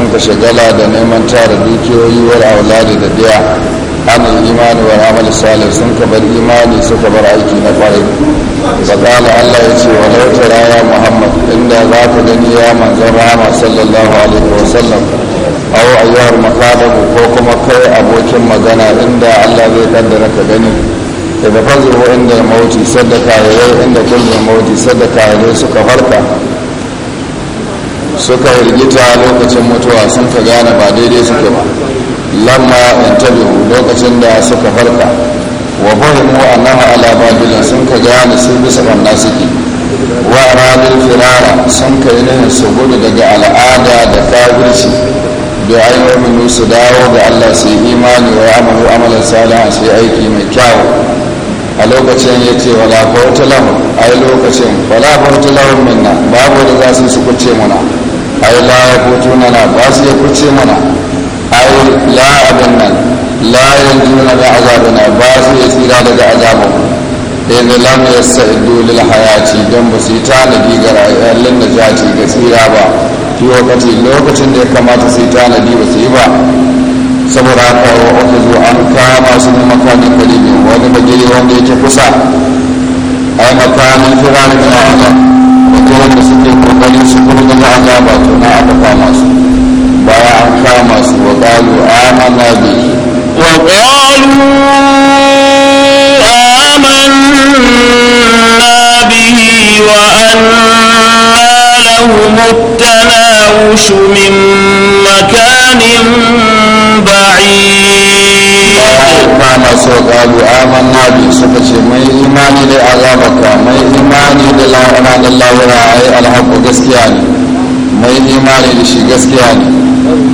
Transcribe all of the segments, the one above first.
sun kashe shagala da neman tara dukiyoyi wa auladi da biya an imani wa amal salih sun ka bar imani suka bar aiki na kwarai bakala allah ya ce wa tara raya muhammad inda za ka gani ya manzon rama sallallahu alaihi wa sallam aw ayyuhar makalabu ko kuma kai abokin magana inda allah zai kaddara ka gani daga fazo inda mauti sadaka ya inda kullum mauti sadaka ya suka farka suka rigita lokacin mutuwa sun ka gane ba daidai suke ba lamma intabihu lokacin da suka farka wa fahimu annahu ala sun ka gane sun bisa banna suke wa ranar firara sun ka yi nihin su gudu daga al'ada da kafirci da ainihin su dawo ga allah su yi imani wa amalu amalan salihan su yi aiki mai kyawu a lokacin ya ce wala bauta A ai lokacin wala bauta lahum minna babu da za su su kuce muna ai la ya kutu na ba su ya kuce muna ai la abin nan la juna na da azabina ba su ya tsira daga azabin in lam yasaidu lil hayati don ba su yi tanadi ga rayuwar najati ga tsira ba fi wakati lokacin da ya kamata su yi tanadi ba su yi ba saboda haka wa wata zuwa an kama su ne makamin kalibin wani bagiri wanda yake kusa a yi makamin firari da ma'ana wato wanda suke kokarin su kuma daga azaba to na aka kama su bayan an kama su wa ƙalu amanna bihi wa ƙalu amanna bihi wa anna lahum التناوش من مكان ba masu ƙalu aman nabi suka ce mai imani da azabaka mai imani da la'ura da la'ura a yi alhaku gaskiya ne mai imani da shi gaskiya ne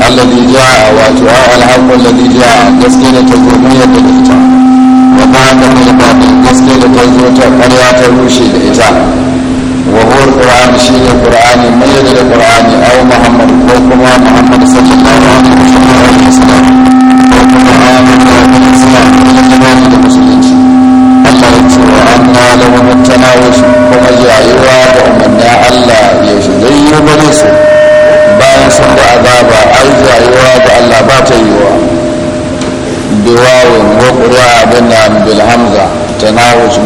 allah ne a wato a alhaku da ne ja a gaske ta yadda da ita wata hanyar mai ba da gaske da ta zo ta ƙarya ta rushe da ita وهو القرآن شين القرآن من يدل القرآن أو محمد وكما محمد صلى الله عليه وسلم وكما آمن بالإسلام من تناول المسلمين الله يقول أنا لو التناوش كما جاءوا وأمنا الله يجلي بليس bayan sun da azaba ai jayewa da Allah ba ta yiwa biwawin wa ƙuri'a bin hamza tanawush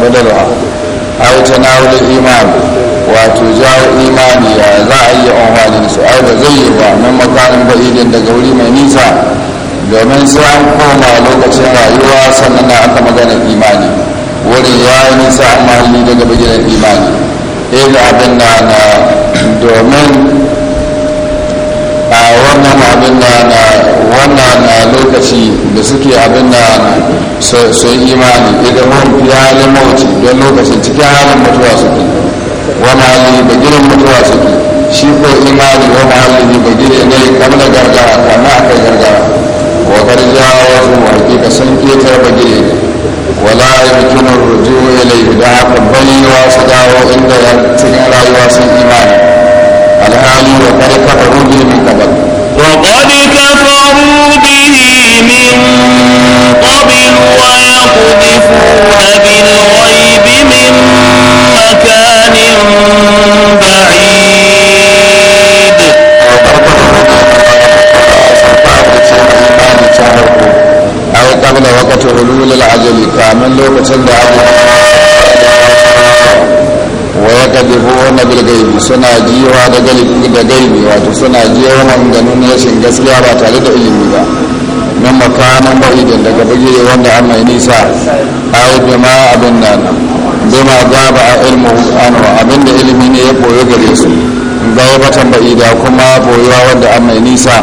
wato jawo imani ya za a yi amfani su a ba zai yi ba nan makarin idan daga wuri mai nisa domin sai an koma lokacin rayuwa sannan na aka magana imani wurin ya yi nisa an mahalli daga bagina imani ila eh, abin na na domin a wannan abin na na wannan na lokaci da suke abin na sun imani idan wani fiye halin mawuci don lokacin cikin halin mutuwa suke Wani hali ba gidan mutuwa suke shi ko imani wa mahalli ba gidan ne na gargara kamar aka gargara wa garja wasu hakika sun ketar ba gidan wala yumkin ar-ruju' ilayhi da haka bani wa su dawo inda ya cikin rayuwa sun imani alhali wa qad kafaru bi min qabl wa qad kafaru bi من قبل ويقذفون بالغيب من مكان بعيد أو قبل وقت حلول العجل كامل لو بتند عجل waya ya gabi na bilgaibi suna jiwa da gaibi wato suna jiwa ganin rashin gaskiya ba tare da ilimi ba nan makanan idan daga bugire wanda an mai nisa ayi bima abin nan bima gaba a ilmu anu abin da ilimi ne ya boye gare su gaibatan ba'ida kuma boyewa wanda an mai nisa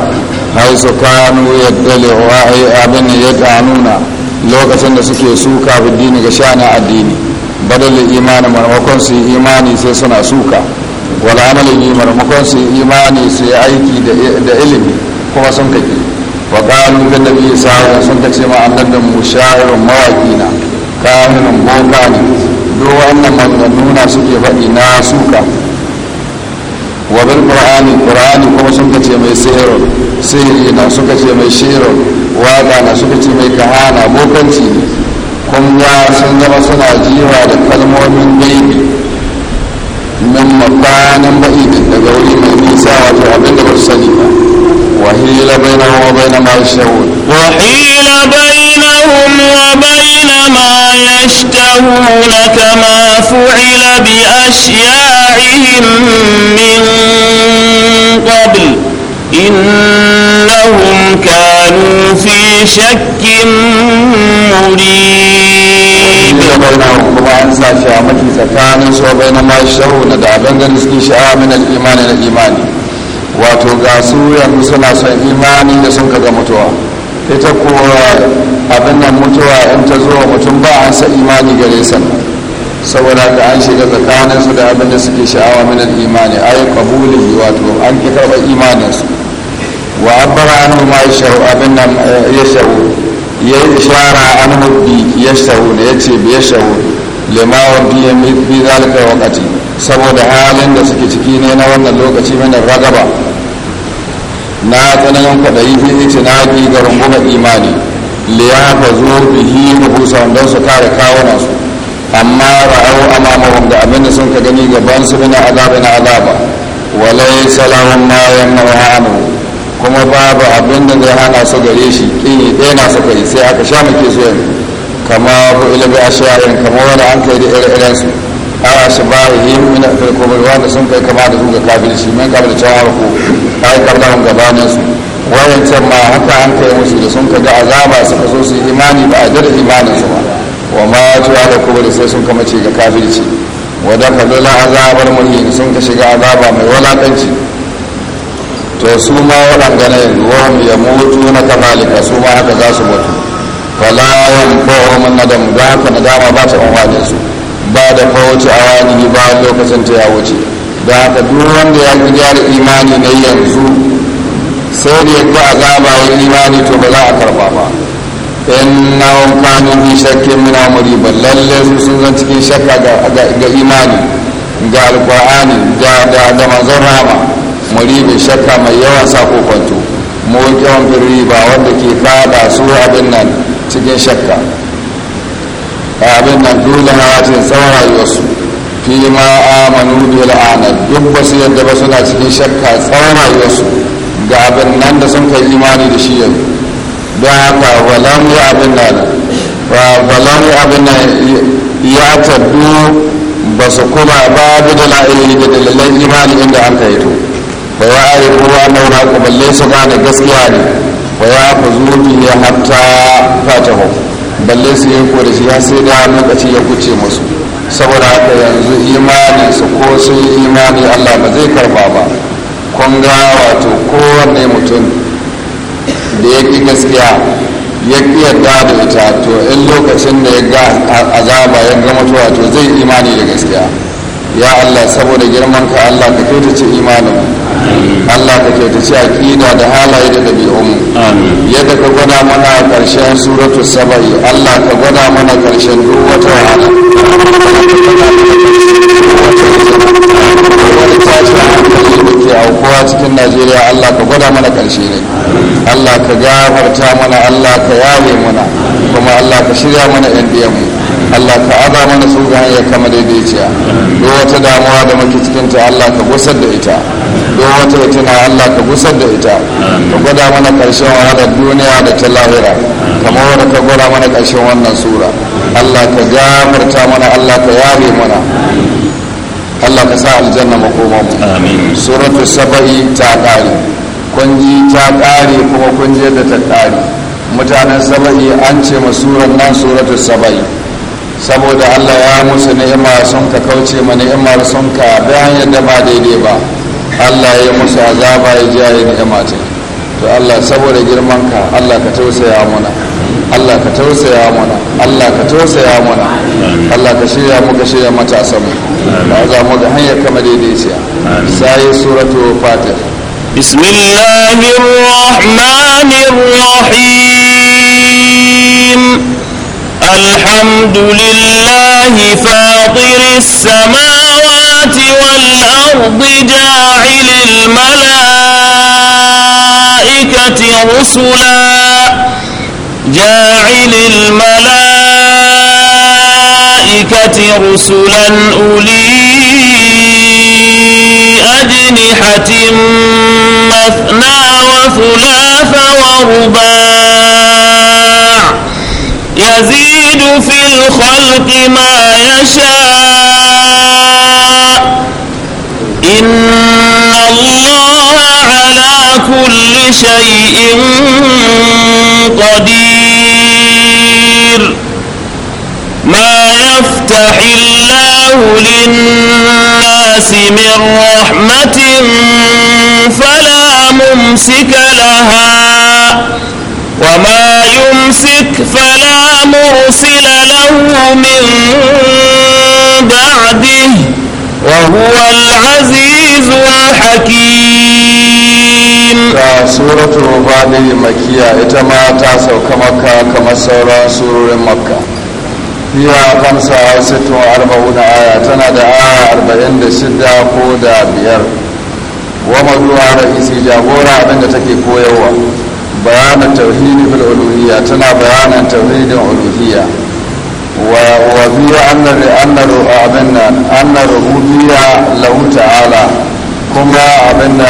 hai su kanu ya dole wa abin ya ganuna lokacin da suke suka bidini ga shana addini badalin imani maimakon su yi imani sai suna suka wal amalin maimakon su yi imani su yi aiki da ilimi kuma sun kake wa qalu da nabi sa'ad sun kace ma annabin mawaƙi na kamunan boka ne duk wannan maganganuna suke faɗi na suka wa bil qur'ani kuma sun kace mai sihir sihiri na suka ce mai shirin waƙa na suka ce mai kahana bokanci ne kun ya sun zama suna jiwa da kalmomin gaibi min makanin ba'idin daga wuri mai nisa wato abin da ba su sani ba وحيل بينهم وبين ما يشتهون وحيل بينهم وبين ما يشتهون كما فعل بأشياعهم من قبل إنهم كانوا في شك مريب وبين ساشا مكي سكان وبين ما يشتهون دا بندن استشاء من الإيمان إلى الإيمان wato ga yanzu suna son imani da sun kaga mutuwa ita kuwa abin nan mutuwa in ta zo mutum ba an sa imani gare sannan saboda ka an shiga tsakanin su da abin da suke sha'awa min imani ay qabuli wato an ki karba imanin su wa abara an ma yashau abin nan eh, yashau ya ishara an anhu ya yashau ne yace bi yashau lima wa bi bi zalika waqati saboda halin da suke ciki ne na wannan lokaci min ragaba na tsananin kwadayi fi itinaki ga rungumar imani liyafa zo bihi da busa don su kare kawunan su amma ra'au amamahum da abin da sun ka gani gaban su mina azabin azaba walai salamun ma yamnaha anhu kuma babu abin da zai hana su gare shi kini ɗaya na suka yi sai aka sha muke su yanzu kama bu ilmi ashiyarin kama wani an kai da ire-iren su a shi ashbahihim min al-qur'an wanda sun kai kama da su ga kafirci min kabla a ai kabla mun gabanin su wayan ma haka an kai musu da sun kaga ga azaba suka so su imani ba a dar imanin su ba wa ma tuwa da kubur sai sun kama ce ga kafirci wa da zala azabar mulki sun ka shiga azaba mai walakanci to su ma waɗanda na yanzu ya mutu na kamalika su ma haka za su mutu falawan kowamin nadam don haka nadama ba ta amfani su ba da kawace a wani bayan lokacin ta ya wuce da haka duk wanda ya fi gyara imani na yanzu sai da yadda azaba ya imani to ba za a karba ba innahum kanu fi shakkin min amri bal lalle su sun zan cikin shakka ga imani ga alqur'ani ga da da manzon rama muribi shakka mai yawan sako kwanto mu yawan riba wanda ke fada su abin nan cikin shakka abin nan dole na hatin tsawon rayuwarsu fi ma amanu bil la'ana duk ba su yadda ba suna cikin shakka tsawon rayuwarsu ga abin nan da sun kai imani da shi yanzu don haka walam ya abin ya taddu ba su kuma ba bi da la'ili da dalilan imani inda an kai to ba ya ari kowa na wura kuballe su gane gaskiya ne ba ya ku zuci ya hatta fatahu balle su yi ko da shi ya sai da lokaci ya kuce musu saboda haka yanzu imani su ko sun imani allah ba zai karba ba kun ga wato kowanne mutum da ya ƙi gaskiya ya ƙi da ita to in lokacin da ya ga azaba ya ga mutuwa to zai imani da gaskiya ya Allah saboda girman ka Allah ka ta ce imanin Allah ka ta ce aqida da halaye da dabi'un yadda ka gwada mana karshen suratu saba'i Allah ka gwada mana karshen duk wata wahala wani tashin hankali da ke aukuwa cikin najeriya allah ka gwada mana karshe ne allah ka gafarta mana allah ka yaye mana kuma allah ka shirya mana yan mu allah ka aza mana su ga hanyar kama daidaiciya don wata damuwa da muke cikin ta allah ka gusar da ita don wata hitina allah ka gusar da ita ka gwada mana karshen wahalar duniya da ta lahira kamar wanda ka gwada mana karshen wannan sura allah ka gafarta mana allah ka yaye mana Allah ka sa aljanna makoma mu amin suratu saba'i ta kare kun ji ta kare kuma kun je da ta kare mutanen saba'i an ce ma suran nan suratu saba'i saboda Allah ya musu ni'ima sun ka kauce ma ni'imar sun ka bayan yadda ba daidai ba Allah ya musu azaba ya ji ni'ima ce to Allah saboda girman ka Allah ka tausaya mana Allah ka tausaya mana Allah ka tausaya mana Allah ka shirya mu ka shirya matasan mu ba za mu ga hanyar kama daidaiciya sai suratu fatir bismillahir rahmanir rahim alhamdulillahi fatiris samawati wal ardi ja'ilil malaikati rusula جاعل الملائكة رسلا أولي أجنحة مثنى وثلاث ورباع يزيد في الخلق ما يشاء إن الله كل شيء قدير ما يفتح الله للناس من رحمة فلا ممسك لها وما يمسك فلا مرسل له من بعده وهو العزيز الحكيم ga suratul fadil makiya ita ma ta sauka makka kamar sauran surorin makka fiya kamsa arba'u na aya tana da aya arba'in da shida ko da biyar wa mazuwa ra'isi jagora abinda take koyarwa Bayanan tauhidi bil uluhiyya tana bayanan tauhidin uluhiyya wa biya annar annar abinnan annar rububiyya lahu ta'ala Kuma abin da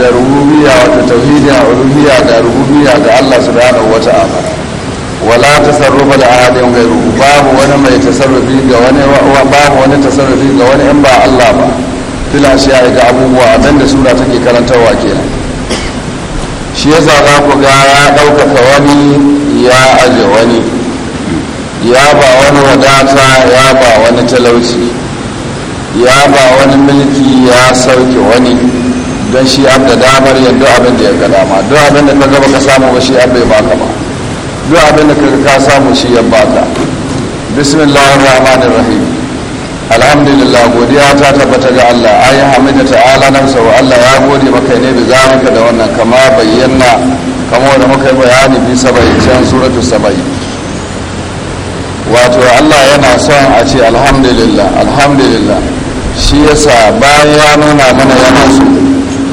da rububiya wata tauhidin rububiya da rububiya ga Allah subhanahu wata'ala wala tasarrufa da ahadin gairu babu wani mai tasarrufi ga wani babu wani tasarrufi ga wani in ba Allah ba filan shi ga abubuwa abin da sura take karantarwa kenan shi sa za ku ga ya ɗaukaka wani ya aje wani ya ba wani wadata ya ba wani talauci ya ba wani mulki ya sauke wani don shi ab da damar yadda abin da ya ga dama don abin da ka gaba ka samu ba shi abin bai baka ba don abin da ka samu shi ya baka bismillahir rahmanir rahim alhamdulillah godiya ta tabbata ga Allah ayi hamida ta'ala nan sau Allah ya gode maka ne bi zalika da wannan kama bayyana kama wanda muka yi bayani bi sabai can suratul sabai wato Allah yana son a ce alhamdulillah alhamdulillah shi yasa bayan ya nuna mana su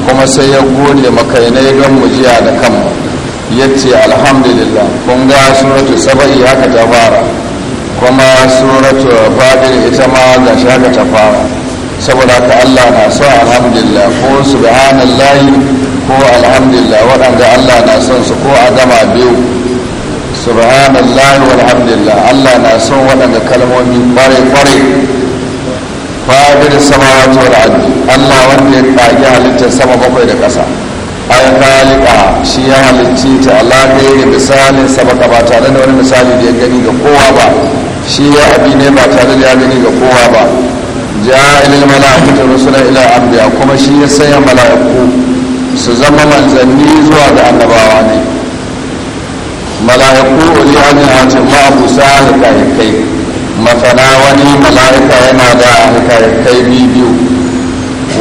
kuma sai ya gode makainai don mu jiya da kanmu ya ce alhamdulillah kun ga suratu saba'i haka ta fara kuma suratu fadil ita ma ga shi haka ta fara saboda ka allah na so alhamdulillah ko subhanallahi ko alhamdulillah waɗanda allah na son su ko a gama biyu subhanallahi walhamdulillah allah na son waɗanda kalmomi ƙware-ƙware fadil samawati wal ardi Allah wanda ya kage halittar sama bakwai da ƙasa ay khaliqa shi ya halicci ta Allah ne da misalin ka ba tare da wani misali da ya gani ga kowa ba shi ya abi ne ba tare da ya gani ga kowa ba ja'ilil mala'ikata rusula ila anbiya kuma shi ya sanya mala'iku su zama manzanni zuwa ga annabawa ne mala'iku uli an hatim ma'abusa da kai masana wani mala'ika yana da hikayatai biyu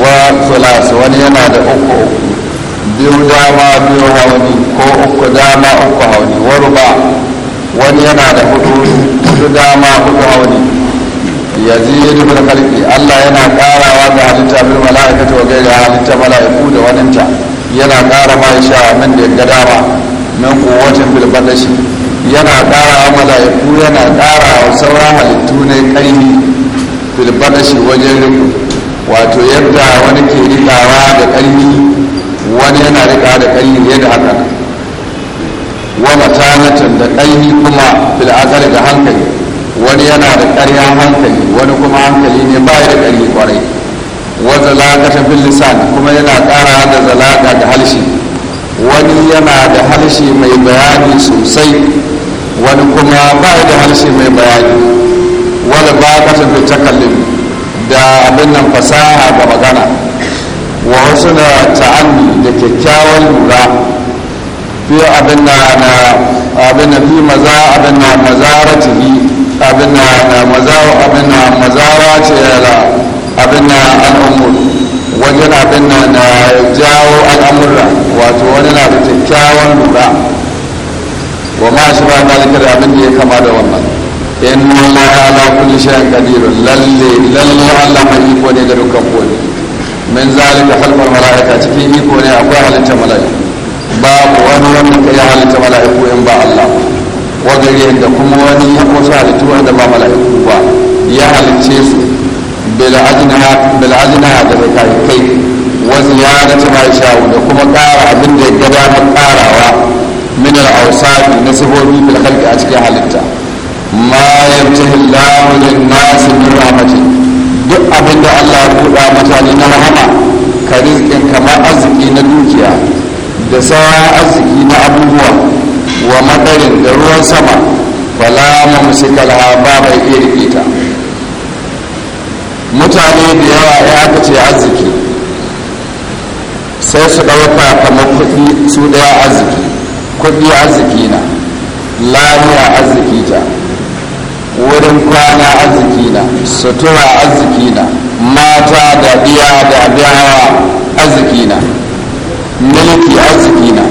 wa sulasu wani yana da uku biyu dama biyu hauni ko uku dama uku hauni warba wani yana da hudu su dama uku hauni ya ziri dubar khalqi Allah yana karawa ga halitta bil ta wa da halitta mala'iku da waninta yana kara ma sha min da ya gada ba min kowacin bilbalashi yana ƙara mala'iku yana ƙara wa sauran halittu ne ƙaimi shi wajen riku wato yadda wani ke rikawa da ƙarfi wani yana rika da ƙaimi yadda haka wani matanatan da ƙarfi kuma filazar da hankali wani yana da ƙarya hankali wani kuma hankali ne ba da ƙarfi kwarai wa lagata fil lisan kuma yana ƙara da zalaga da halshi wani yana da halshi mai bayani sosai wani kuma ba da harshe mai bayani wani ba ka tafi takallin da abin nan fasaha ga magana wa wasu da ta'anni da kyakkyawan lura fiye abin na na abin na fi maza abin na yi abin na na mazara abin na mazara ce yara abin na al'amur wajen abin na na jawo al'amurra wato wani na da kyakkyawan lura wa ma shi ba dalika da abin da ya kama da wannan inna allaha ala kulli shay'in qadir lalle lalle allah mai iko ne da dukkan kowa min zalika halqal malaika cikin iko ne akwai halitta malaika babu wani wanda ka yi halitta mala'iku in ba Allah wa gare da kuma wani ya kusa halittu wanda ba mala'iku ba ya halicce su bil'ajina da kai kai wasu ya halitta ma da kuma ƙara abin da ya gada ma ƙarawa min al na sifofi bil a cikin halitta ma yamtahi Allahu lin nas min rahmatin duk abin da Allah ya buɗa mutane na rahama ka rizkin kamar arziki na dukiya da sauran arziki na abubuwa wa madarin da ruwan sama fala mamsika laha ba bai iya rikita mutane da yawa ya aka ce arziki sai su ɗauka kamar kuɗi su daya arziki kudi arziki na lafiya arziki ta wurin kwana arziki na sutura arziki na mata da biya da biyawa arziki na mulki arziki na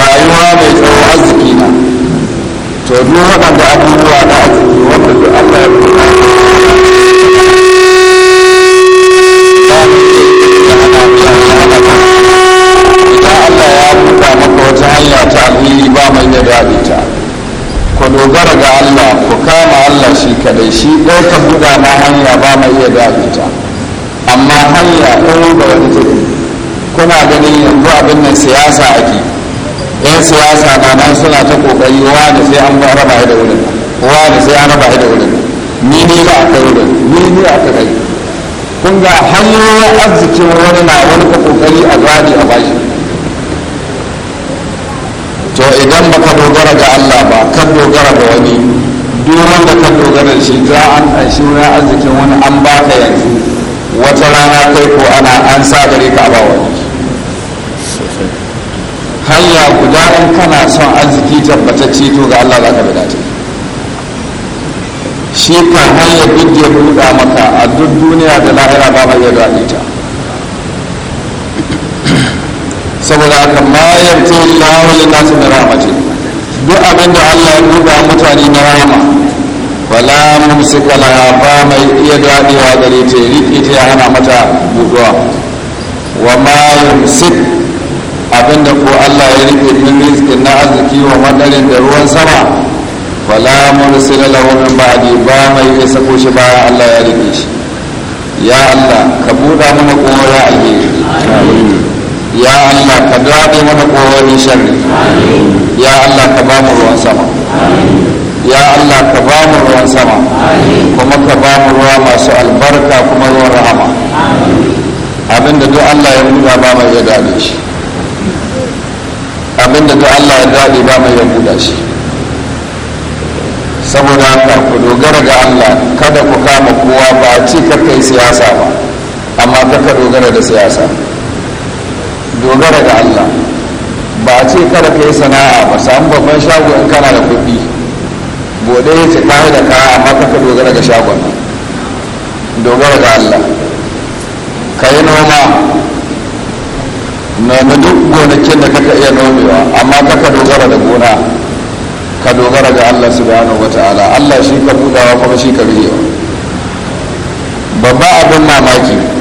rayuwa mai tsawo arziki na to duk waɗanda abubuwa na arziki wanda duk allah ya kuma Allah ta'wili ba mai da daɗi ta ku dogara ga Allah ku kama Allah shi kadai shi ɗaya ka buga na hanya ba mai iya daɗi ta amma hanya ɗaya ba wani take kuna ganin yanzu abin nan siyasa ake yan siyasa na nan suna ta kokari da sai an raba da wurin da sai an raba da wurin ni ne ba a kai wurin ni ne a kai kun ga hanyoyin arzikin wani na wani ka kokari a gadi a bashi to idan baka dogara ga Allah ba ka dogara ga wani duk wanda ka dogara shi za an aishi wani arzikin wani an baka yanzu wata rana kai ko ana an sa gare ka ba wani hanya guda in kana son arziki tabbatacce to ga Allah za ka bi dace shi kan hanya duk ya buɗa maka a duk duniya da lahira ba mai yadda ita. saboda haka ma yanzu na wani nasu na ce duk abin da allah ya buga mutane na rama wala mumsika laha lafa mai iya daɗewa gare ta riƙe ta ya hana mata buɗuwa wa ma yumsik abinda ko allah ya riƙe min rizkin na arziki wa madarin da ruwan sama wala mursila lahu min ba'di ba mai iya sako shi ba Allah ya rike shi ya Allah ka buɗa mana kowa ya alheri ya Allah ka daɗe mana ƙorarin shari ya Allah ka ba mu ruwan sama ya Allah ka ba mu ruwan sama kuma ka ba mu ruwa masu albarka kuma ruwan rahama abinda duk Allah ya buɗa ba mai ya daɗe shi abinda duk Allah ya daɗe ba mai ya buɗa shi saboda haka ku dogara ga Allah kada ku kama kowa ba ci kakai siyasa ba amma kaka dogara da siyasa dogara ga Allah ba a ce kada ka yi sana'a ba samu babban shago in kana da kuɗi bude ya ce kayi da kaya amma kaka dogara ga shagon dogara ga Allah ka yi noma noma duk gonakin da kaka iya nomewa amma kaka dogara da gona ka dogara ga Allah gano wata'ala Allah shi ka buɗawa kuma shi ka biyo babba abin mamaki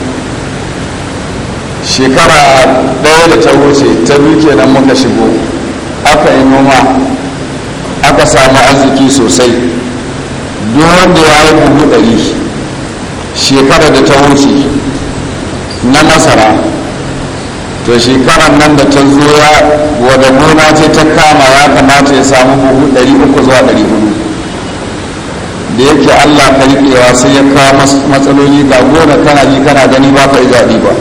shekara ɗaya da ta wuce ta duke nan muka shigo aka yi noma aka samu arziki sosai don wanda ya yi buhu ɗari shekara da ta wuce na masara to shekarar nan da ta zo ya wadda gona ce ta kama ya kamata ya samu buhu ɗari uku zuwa ɗari hudu da yake allah karɓewa sai ya kawo matsaloli ga gona kana ji kana gani ba ka yi zaɓi ba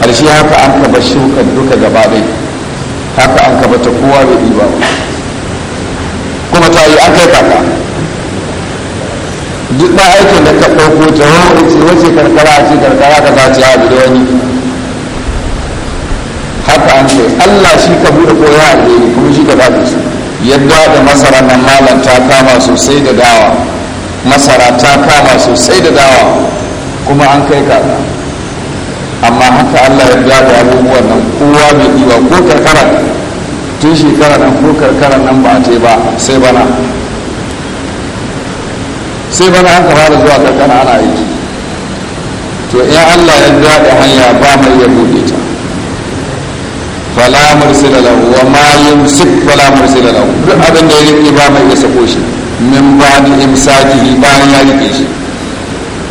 ƙarshe haka an kaba shukar duka gaba ɗai haka an kaba ta kowa bai ɗiba kuma ta yi an kai kaka duk ba aikin da ka ɗauko ta wace karkara a ce karkara ka ta ce abu da wani haka an kai allah shi ka buɗe koya a ɗaya kuma shi ka ba da su yadda da masara na malam ta kama sosai da dawa masara ta kama sosai da dawa kuma an kai kaka amma haka allah ya da abubuwan nan kowa bai ko karkara tun shekara nan ko karkara nan ba a ce ba sai bana sai bana an fara zuwa karkara ana aiki to in allah ya da hanya ba mai ya buɗe ta falamar mursila wa ma yumsik fala mursila duk abin da ya rike ba mai ya sako shi min ba ni imsakihi bayan ya rike shi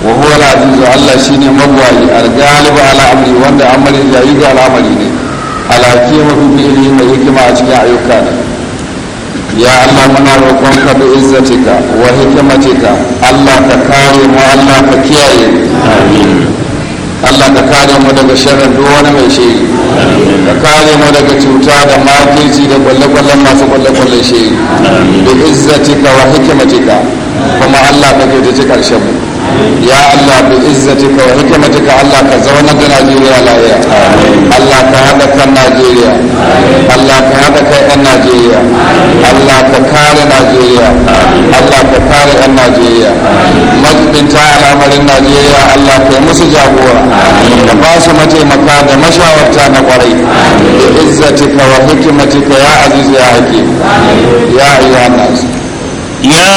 wa huwa al-azizu Allah shine magwayi al-galibu ala amri wanda amri ya yi ga al'amari ne alaki wa bi ilmi mai hikima a cikin ayyuka ne ya Allah muna roƙon ka bi izzatika wa hikmatika Allah ka kare mu Allah ka kiyaye amin Allah ka kare mu daga sharrin duk wani mai shiri ka kare mu daga cuta da makirci da kwalle-kwallen masu kwalle-kwallen shiri bi izzatika wa hikmatika kuma Allah ka kyautace karshen mu ya Allah bi izzatika wa hikmatika Allah ka zauna da Najeriya lafiya Allah ka hada kan Najeriya Allah ka hada kai ɗan Najeriya Allah ka kare Najeriya Allah ka kare ɗan Najeriya majibinta al'amarin Najeriya Allah ka yi musu jagora da ba su mataimaka da mashawarta na kwarai bi izzatika wa hikmatika ya aziz ya hakim ya ayyuhan nas ya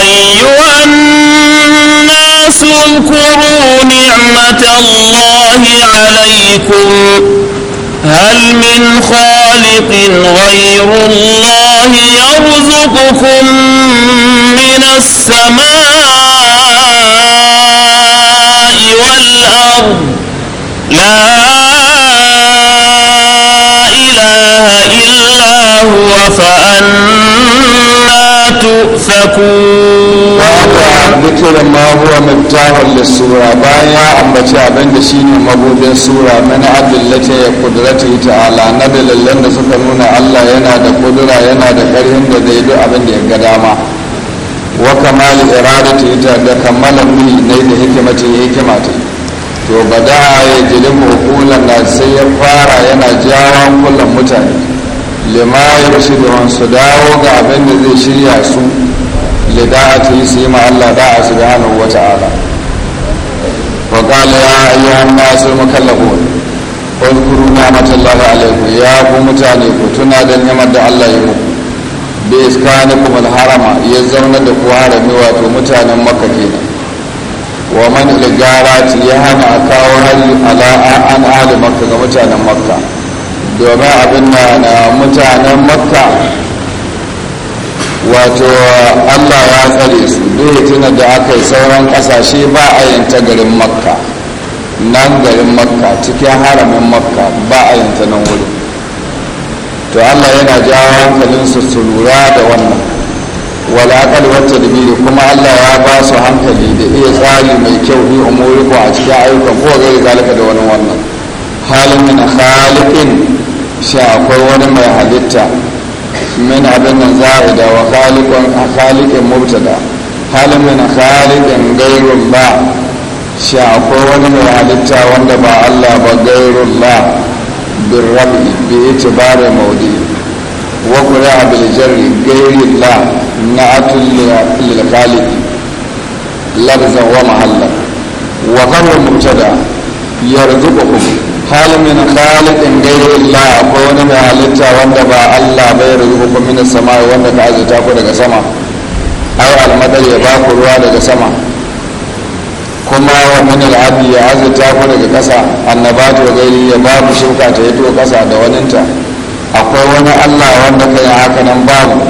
أيها الناس اذكروا نعمة الله عليكم هل من خالق غير الله يرزقكم من السماء والأرض لا إله إلا هو فأنا tsakuwa ma huwa mabtahun da sura bayan ya ambaci abin da shi ne magudin sura mana abdullata ya kudurata yi ta'ala na dalilan da suka nuna allah yana da kudura yana da karhin da zai do abin da ya ga dama wa kamali irada ta yi ta da kammala mili na da hikima ta yi hikima ta to ba da ya jirin hukunan na sai ya fara yana jawon kullum mutane lima yusirun su dawo ga abin da zai shirya su lida'ati su yi ma Allah da'a subhanahu wa ta'ala wa qala ya ayyuhan nasu mukallafun wadkuru ni'matallahi alaikum ya ku mutane ku tuna da ni'mar da Allah ya muku bi iskanikum alharama ya zauna da ku harami wato mutanen makka kenan wa man ilgarati ya hana a kawo hali ala an makka ga mutanen makka domin abin na mutanen makka wato allah ya tsare su duhutuna da aka yi sauran kasashe ba a yin ta garin makka nan garin makka cikin haramin makka ba a yin ta nan wuri to allah yana jawo hankalinsu su lura da wannan walakal wata dabiri kuma allah ya ba su hankali da iya tsari mai kyau bi umuriku a cikin ayyukan ko zai zalika da wani wannan halin min khaliqin shi akwai wani mai halitta min abin nan za'ida wa khaliqun khaliqin mubtada hal min khaliqin gairun ba shi akwai wani mai halitta wanda ba Allah ba gairun la bin rabi bi da maudi wa qura bil jarri gairun la na atun khaliq labza wa mahalla wa ghayrun mubtada kuma hal min khaliqin ghayri Allah akwai wani mai halitta wanda ba Allah bai rubu min samai wanda ka azuta ku daga sama ai almadar ya ba ku ruwa daga sama kuma wa min al'abi ya azuta ku daga kasa annabatu wa gairi ya ba ku shuka ta yato kasa da waninta akwai wani Allah wanda ka yi haka nan mu?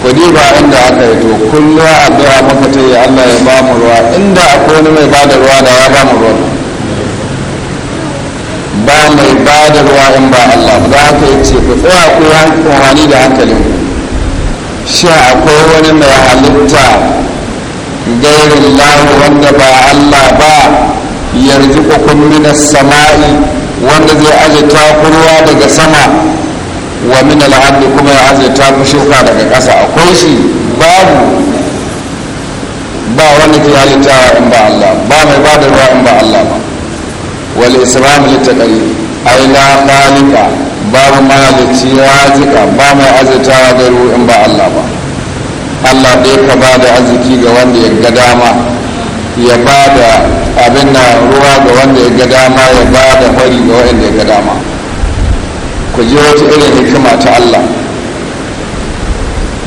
ku ba inda aka yi to kullum addu'a muka ta yi Allah ya ba mu ruwa inda akwai wani mai ba da ruwa da ya ba mu ruwa ba mai ba da ruwa in ba Allah ba haka ya ce ku tsaya ku hankali da hankalin shi akwai wani mai halitta gairin lahu wanda ba Allah ba yarji kukun minas sama'i wanda zai aje takurwa daga sama wa min al'adu kuma ya aje taku shuka daga ƙasa akwai shi babu ba wanda ke halitta in ba Allah ba mai ba da ruwa in ba Allah ba wal ta litaqari ai la malika babu maliki razika ba mai azatawa da in ba Allah ba Allah dai ka ba da arziki ga wanda ya ga dama ya ba da abin na ruwa ga wanda ya ga dama ya ba da ga wanda ya ga dama ku je wata irin hikima ta Allah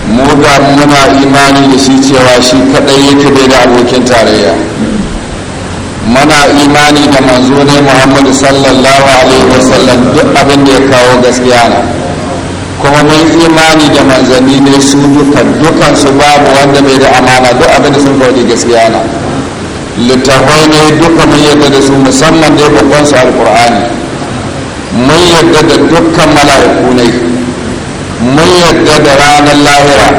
mu da muna imani da shi cewa shi kadai yake bai da abokin tarayya mana imani da manzo ne muhammadu sallallahu alaihi wasallam duk abin da ya kawo gaskiya na kuma mun imani da manzanni ne su duka dukan su babu wanda bai da amana duk abin da sun kawo gaskiya na littafai ne duka mun yadda da su musamman da ya babban su alkur'ani mun yadda da dukkan mala'iku ne mun yadda da ranar lahira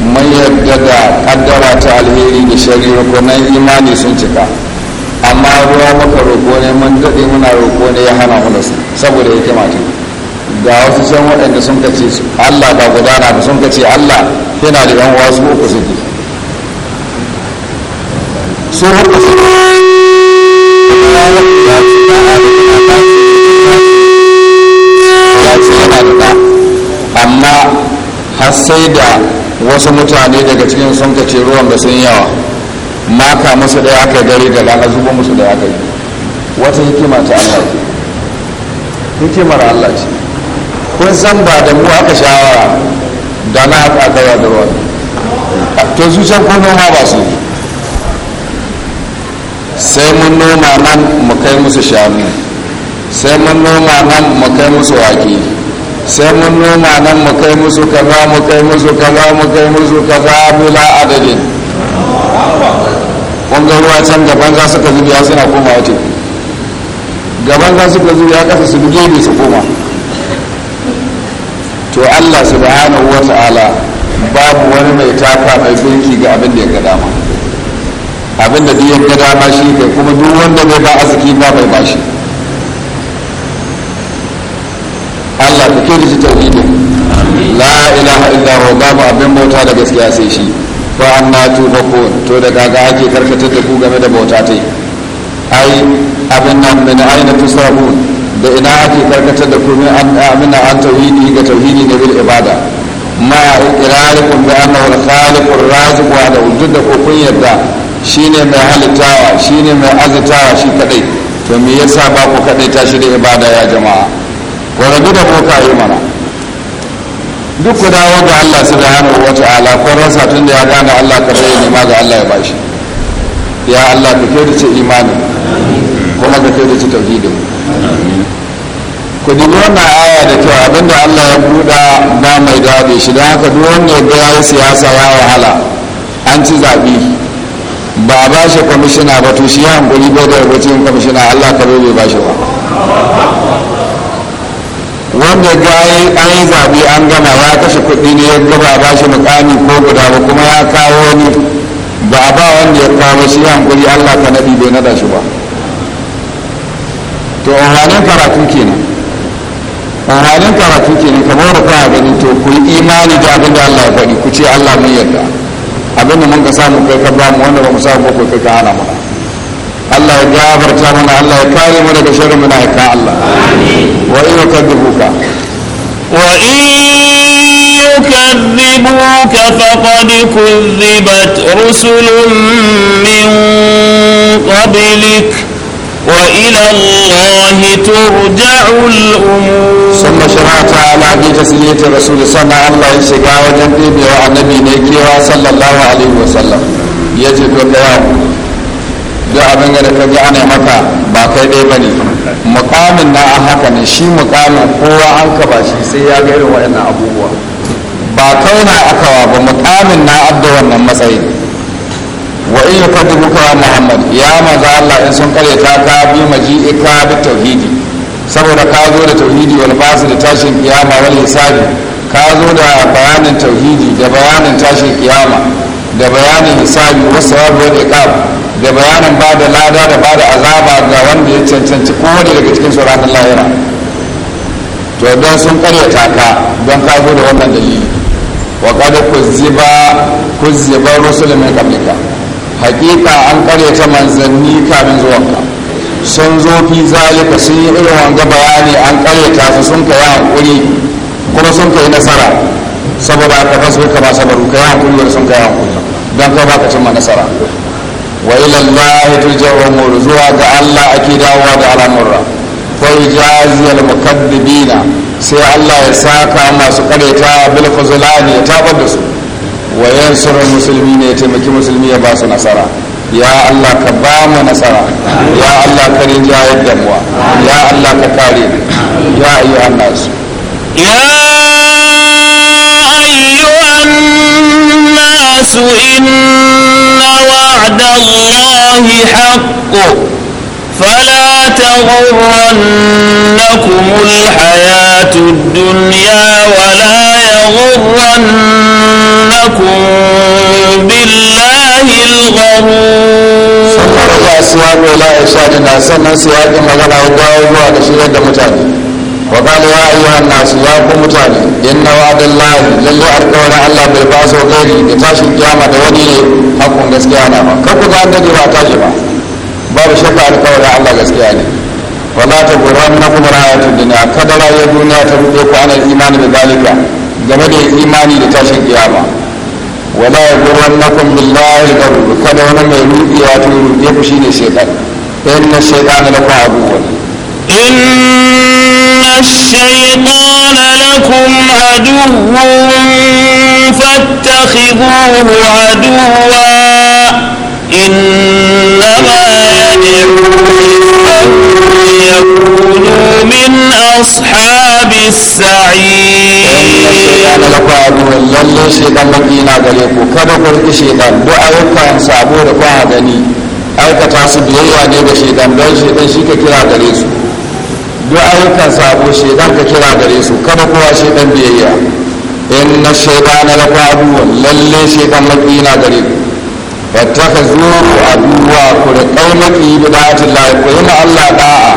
mun yadda da kaddara ta alheri da shari'a nan imani sun cika amma ruwa maka roƙo ne mun daɗe muna roƙo ne ya hana su saboda kima ce ga wasu can waɗanda sun kace Allah ga gudana da sun kace Allah yana da yan uku su so suke su uku amma har sai da wasu mutane daga cikin sun kace ruwan da sun yawa maka musu da aka yi dare da lana zuba musu da aka yi wata hikima ta Allah ce hikimar Allah ce kun san ba da mu aka shawara da na aka gaya da ruwan to zuciyar ko noma ba su sai mun noma nan mu kai musu shanu sai mun noma nan mu kai musu wake sai mun noma nan mu kai musu kaza mu kai musu kaza mu kai musu kaza bila adadin ƙungar ruwa can gaban za su suka zubiya suna komawa teku gaban za su suka zubiya kasa su bi ne su koma to allah su subhanahu wa ta'ala babu wani mai tafa mai gunki ga abin da ya gada ma. abin da biyan gada ma shi kai kuma duk wanda bai ba arziki ba bai ba shi allah ka shi tauhidin la ilaha illa babu abin bauta da gaskiya sai shi fa anna tufakun to da kaga ake karkatar da ku game da bauta ta ai abin nan min aina tusabun da ina ake karkatar da ku min amina an tauhidi ga tauhidi ne bil ibada ma iqrarikum bi annahu al khaliq ar raziq wa la wujud ko kun yadda shine mai halittawa shine mai azitawa shi kadai to me yasa ba ku kadai tashi da ibada ya jama'a wa rabu da boka yi mana duk ku dawo ga Allah subhanahu wata'ala ko ransa tun da ya gane Allah ka sai nema ga Allah ya bashi ya Allah ka kai da ce imanin kuma ka kai da ce tauhidin ku dubi wannan aya da kyau abinda Allah ya buɗa ba mai gadi shi don haka duk wanda ya yi siyasa ya wahala an ci zaɓi ba a bashi kwamishina ba to shi ya hankali bai da rubutun kwamishina Allah ka bai bai bashi ba wanda ga an yi zaɓe an gama ya kashe kuɗi ne ya gaba ba shi mukami ko guda ba kuma ya kawo ni ba a ba wanda ya kawo shi hankuli allah ta nadi bai nada shi ba to halin karatu kenan halin karatu kenan kamar da kuwa gani to ku yi imani da abin da allah ya faɗi ku ce allah mun yarda abin da mun ka samu kai ka ba mu wanda ba mu samu ko kai ka hana mu Allah ya gafarta mana Allah ya kare mu daga sharrin mala'ika Allah wa in yukadibuka wa in yukadibuka faqad kuzibat rusulun min qablik وإلى الله ترجع الأمور ثم ya تعالى في تسلية الرسول صلى الله عليه وسلم وجنبه وعن نبي نيكيها صلى الله duk abin da ka ji ana maka ba kai ɗaya ba ne mukamin na an haka ne shi mukamin kowa an ba shi sai ya ga irin waɗannan abubuwa ba kai na akawa ba mukamin na adda wannan matsayi wa in yi fadi muka muhammad ya maza allah in sun ta ka bi maji'ika bi tauhidi saboda ka zo da tauhidi wal basu da tashin kiyama wani hisabi ka zo da bayanin tauhidi da bayanin tashin kiyama da bayanin hisabi wasu wani iqab da bayanin ba da lada da ba da azaba ga wanda ya cancanci wani daga cikin tsoron lahira to don sun karyata ka don ka zo da wannan dalili wa kada ku ku ziba rusul mai kamika hakika an karyata manzanni kafin zuwanka sun zo fi zalika sun yi irin wanga bayani an karyata su sun kai hankuri kuma sun kai nasara saboda ka fasu kama sabaru kai hankuri wanda sun kai hankuri don ka baka cimma nasara wa ila Allah turja umur zuwa ga Allah ake dawowa da al'amura fa yujazi mukaddibina sai Allah ya saka masu kareta bil fuzlani ya tabar da su wa yansuru musulmi ne ya taimaki musulmi ya ba su nasara ya Allah ka ba mu nasara ya Allah ka rinjayar yadda mu ya Allah ka kare ya ayyuhan nas ya أيها الناس إن وعد الله حق فلا تغرنكم الحياة الدنيا ولا يغرنكم بالله الغرور صلى الله عليه وسلم ولا إشارنا سنة سيادة مغنى وقاوة وعلى شيئا دمتاني وقال يا أيها الناس يا كمتاني إن وعد الله للي أركونا الله بالباس وغيري إتاشي القيامة ودي حق غسكيانا كفو قال نجي واتاشي ما باب شكا أركونا الله غسكيانا ولا تغرنكم رعاية الدنيا كدرا يدونا تردوك عن الإيمان بذلك جمد إيماني لتاشي القيامة ولا يغرنكم بالله الغرور كدرا من يلوك ياتون يبشيني شيطان إن الشيطان لكم عدو إن الشيطان لكم عدو فاتخذوه عدوا إنما يدعو يكونوا من أصحاب السعير الشيطان أو كتاسب يلوى نيب الشيطان بل الشيطان شيك كلا duk ayyukan sabo shaidan ka kira gare su kada kowa shaidan biyayya inna shaidana la aduwan lalle shaidan maki na gare ku fattaka zuwa aduwa ku da kaimaki bidatin lahi ku yi allah da'a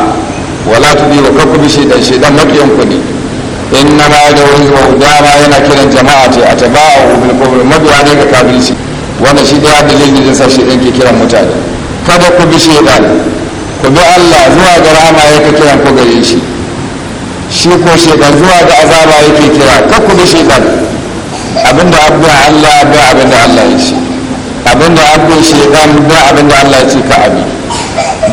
wala tu bi wa ku bi shaidan shaidan makiyan ku ne inna ma da wani wa dama yana kiran jama'a ce a a bil kubur mabiya ne ga kabilci wannan shi da dalilin da sa shaidan ke kiran mutane kada ku bi shaidan ku bi Allah zuwa ga rahama yake kira ku gare shi shi ko shekar zuwa ga azaba yake kira kar ku bi shekar abinda abin Allah ba abinda Allah ya ce abinda abin shekar ba abinda Allah ya ce ka abi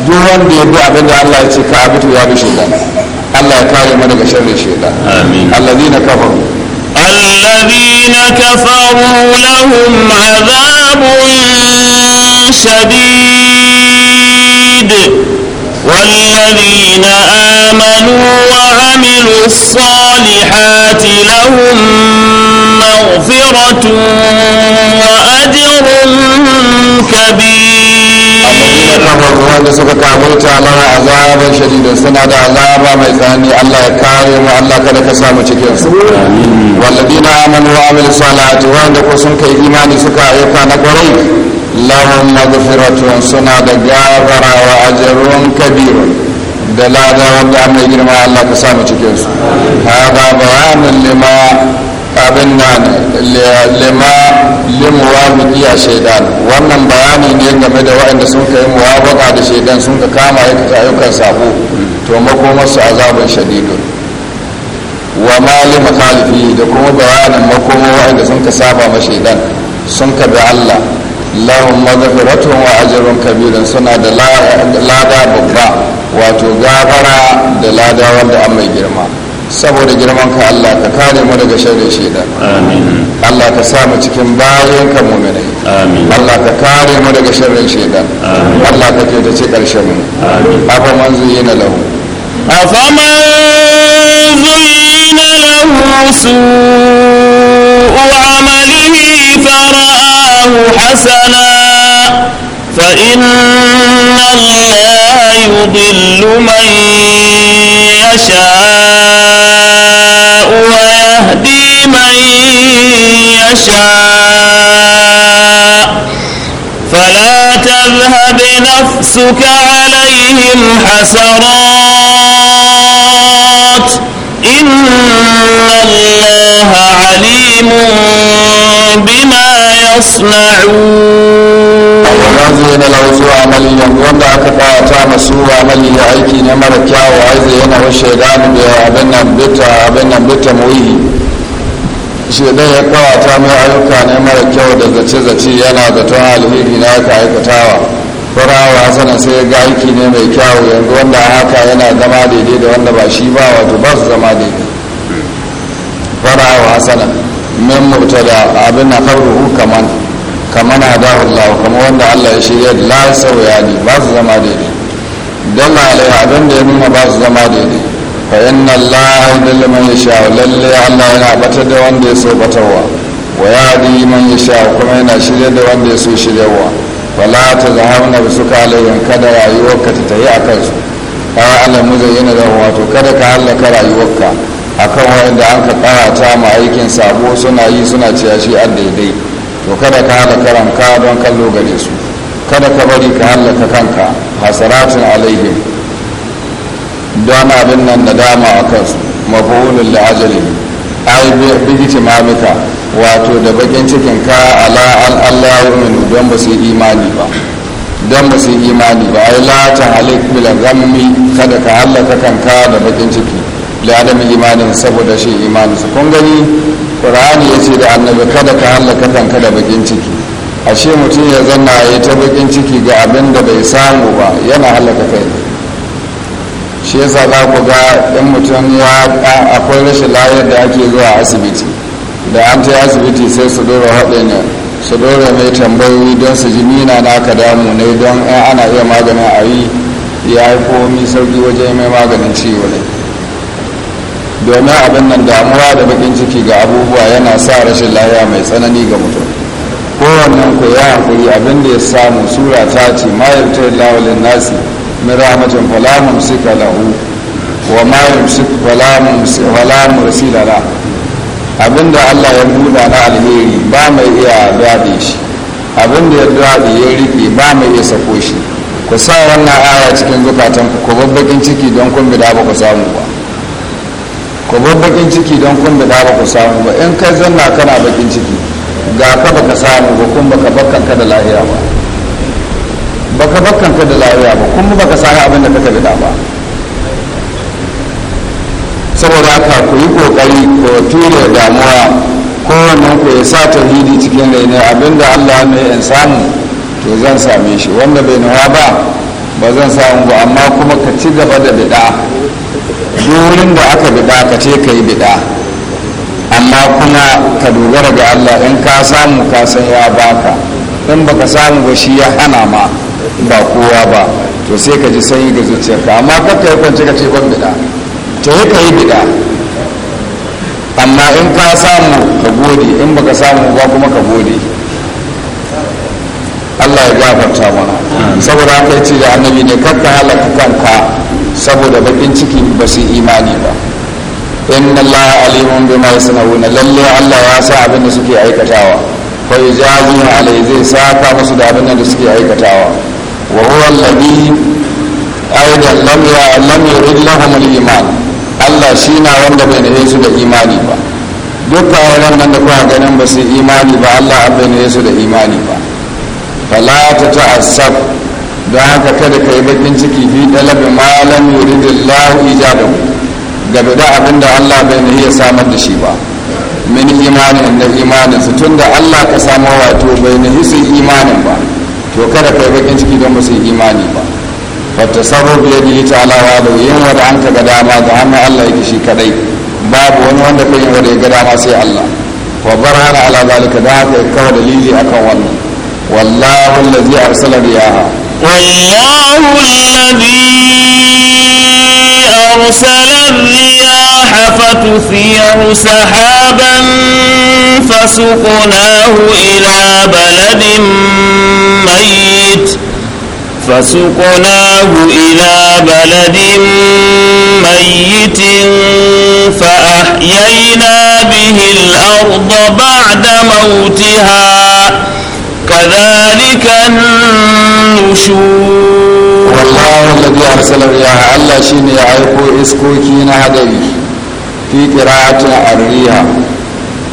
duk wanda ya bi abinda Allah ya ce ka abi to ya bi shekar Allah ya kare mu daga sharrin shekar allazina kafaru الذين كفروا لهم عذاب شديد حميد والذين آمنوا وعملوا الصالحات لهم مغفرة وأجر كبير suka kafurta mana azaban shadida suna da azaba mai tsanani Allah ya kare mu Allah kada ka samu cikin su walladina amanu wa amil salati wanda ko kai imani suka ayyuka na kwarai lahum maghfiratun suna da gafara wa ajrun kabir da lada wanda mai girma Allah ka samu cikin su hada bayanin lima abin nan lima limuwafiki shaidan wannan bayani ne game da waɗanda sun kai muwafaka da shaidan sun ka kama ayyukan sabo to makomarsu azabin shadidun wa mali makalifi da kuma bayanin makoma waɗanda sun ka saba ma shaidan sun ka bi Allah lahum maghfiratun wa ajrun kabirun suna da lada babba wato gafara da lada wanda an mai girma saboda girman ka Allah ka kare mu daga sharrin shaitan amin Allah ka sa mu cikin bayan ka mu'minai amin Allah ka kare mu daga sharrin shaitan amin Allah ka ke ta ci karshen mu amin afa manzuyina lahu afa manzuyina lahu su'u amalihi fara'a الله حسنا فإن الله يضل من يشاء ويهدي من يشاء فلا تذهب نفسك عليهم حسرات إن الله عليم بما يصنعون وزين له amali عمليا wanda aka kawata masu amali da aiki ne mara kyawu aiza yana wa shaidan da abin nan bita abin nan bita muyi shaidan ya kawata mai ayyuka ne mara kyau da zace-zace yana zaton alheri na aka aikatawa farawa sanan sai ya ga aiki ne mai kyawu yanzu wanda haka yana zama daidai da wanda ba shi ba wato ba su zama daidai farawa sanan min mubtada abin na kabruhu kaman kaman hadahu Allah kuma wanda Allah ya shirya da sauya ne ba su zama daidai dalla alai abin da ya nuna ba su zama daidai fa inna Allah yudillu man yasha lalle Allah yana batar da wanda ya so batarwa wa yadi man yasha kuma yana shirya da wanda ya so shiryawa wala ta zahamna bi alayhim kada rayuwarka ta tayi akan su ka alamu zayyana da wato kada ka halaka rayuwarka akan da an ka karata ma aikin sabo suna yi suna ciya shi an daidai to kada ka haɗa karanka don kallo gare su kada ka bari ka hallaka kanka hasaratin alaihim don abin nan da dama a kansu mafahulun la'ajali ai bigiti mamika wato da bakin cikin ka ala allah don ba su yi imani ba don ba su yi imani ba ai la ta halik bilan rammi kada ka hallaka kanka da bakin ciki adam imanin saboda shi imanin su kun gani ya yace da annabi kada ka hallaka kanka da bakin ciki ashe mutum ya zanna ya ta bakin ciki ga abin da bai samu ba yana halaka kai shi yasa za ku ga 'yan mutum ya akwai rashin layar da ake zuwa asibiti da an ta asibiti sai su dora waɗanda su dora mai tambayoyi don su ji nina na ka damu ne don ana iya maganin a yi ya yi komi sauƙi wajen mai maganin ciwo ne domin abin nan damuwa da bakin ciki ga abubuwa yana sa rashin lafiya mai tsanani ga mutum kowannen ku ya hankuri abin da ya samu sura ta ce ma lawalin nasi min rahmatin falamun suka lahu wa ma yamsik falamun silala abin da allah ya buɗa na alheri ba mai iya daɗe shi abin da ya daɗe ya riƙe ba mai iya sako shi ku sa wannan aya cikin zukatan ku babbakin ciki don kun bi da ba ku samu ba ku bar bakin ciki don kun da ba ku samu ba in kai zanna kana bakin ciki ga ka baka samu ba kun baka ka da lahiya ba baka ka da lahiya ba kun baka samu abin da kaka da ba saboda haka ku yi kokari ku ture damuwa kowanne ku ya sa tauhidi cikin abin abinda Allah ne in samu to zan same shi wanda bai nawa ba ba zan samu ba amma kuma ka ci gaba da bid'a wurin da aka bida ka ce ka yi bida amma kuma ka dogara ga Allah in ka samu ka san ya baka in baka samu ba shi ya hana ma ba kowa ba to sai ka ji sanyi ga zuciyarka amma kakka ya kwanci ka ce ban bida to yi ka yi bida amma in ka samu ka gode in baka samu ba kuma ka gode Allah ya gafarta mana saboda aka yi ce da annabi ne kakka halaka kanka saboda bakin ciki ba su imani ba inna Allah alimun bima na lalle Allah ya sa abin da suke aikatawa fa yujazi alai zai saka musu da abin da suke aikatawa wa huwa alladhi aidan lam ya lam yurid lahum iman Allah shi na wanda bai nahe su da imani ba duka wannan da kuma ganin ba su imani ba Allah abin da su da imani ba fala ta ta'assaf don haka kada ka yi bakin ciki fi ɗalabi malam yuridillahu ijabahu ga bida abin da Allah bai nahi ya samar da shi ba min imanin da imanin su tun da Allah ka samu wato bai nahi su imanin ba to kada ka yi bakin ciki don ba imani ba fata sarro biya da yi ta'ala wa da yin wada an ka ga dama ga hannun Allah yake shi kadai babu wani wanda kai yi ya ga dama sai Allah wa barhana ala zalika da haka ya kawo dalili akan wannan wallahu allazi arsala riyaha والله الذي أرسل الرياح فتثير سحابا فسقناه إلى بلد ميت فسقناه إلى بلد ميت فأحيينا به الأرض بعد موتها كذلك النشور والله الذي أرسل الرياح الله شين يعيقو إسكوكي هدري في قراءة الرياح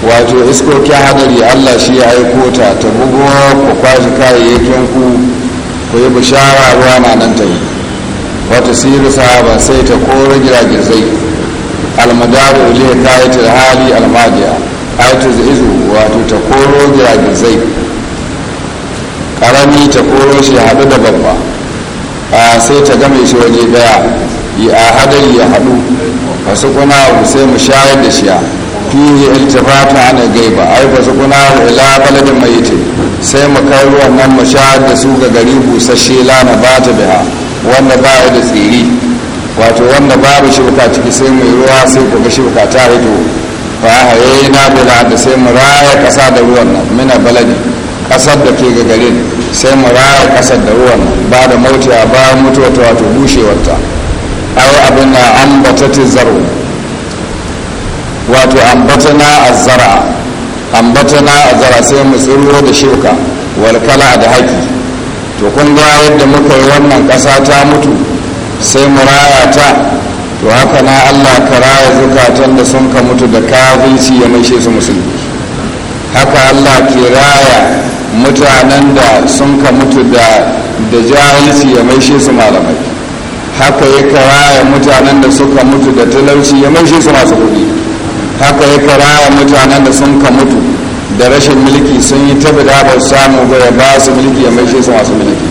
wato iskokin hadari allah shi ya aiko ta ta bugo ku kwashi kayayyakin ku ku yi bishara ruwa na nan ta yi wata siri sahaba sai ta koro giragizai almadaru je hali almadiya izu wato ta karami ta koro shi ya haɗu da babba sai ta game shi waje daya a hadari ya haɗu su kuna sai mu shayar da shiya fiye iltifata ana gaiba ai su kuna ila baladin mayyiti sai mu kai ruwan nan mu shayar da su ga gari busasshe lana ba ta biya wanda ba ya da tsiri wato wanda babu shirka ciki sai mu yi ruwa sai ku ga shirka ta hito fa haye na bila da sai mu raya kasa da ruwan nan mina baladi kasar da ke gagarin, sai mu raya kasar da ruwan ba da mautiya ba mutuwa wato bushewarta ai abin na ambatati zaro wato ambatana azzara ambatana zara sai mu tsiro da shuka walkala da haki to kun ga yadda muka yi wannan kasa ta mutu sai mu raya ta to haka na allah ka raya zukatan da sun ka mutu da kafinci ya shi su musulmi haka allah ke raya mutanen da sun ka mutu da da jahilci ya maishe su malamai haka ya karaya mutanen da suka mutu da talauci ya maishe su masu kuɗi haka ya karaya mutanen da sun ka mutu da rashin mulki sun yi tafi da ba samu ba ya ba su mulki ya maishe su masu mulki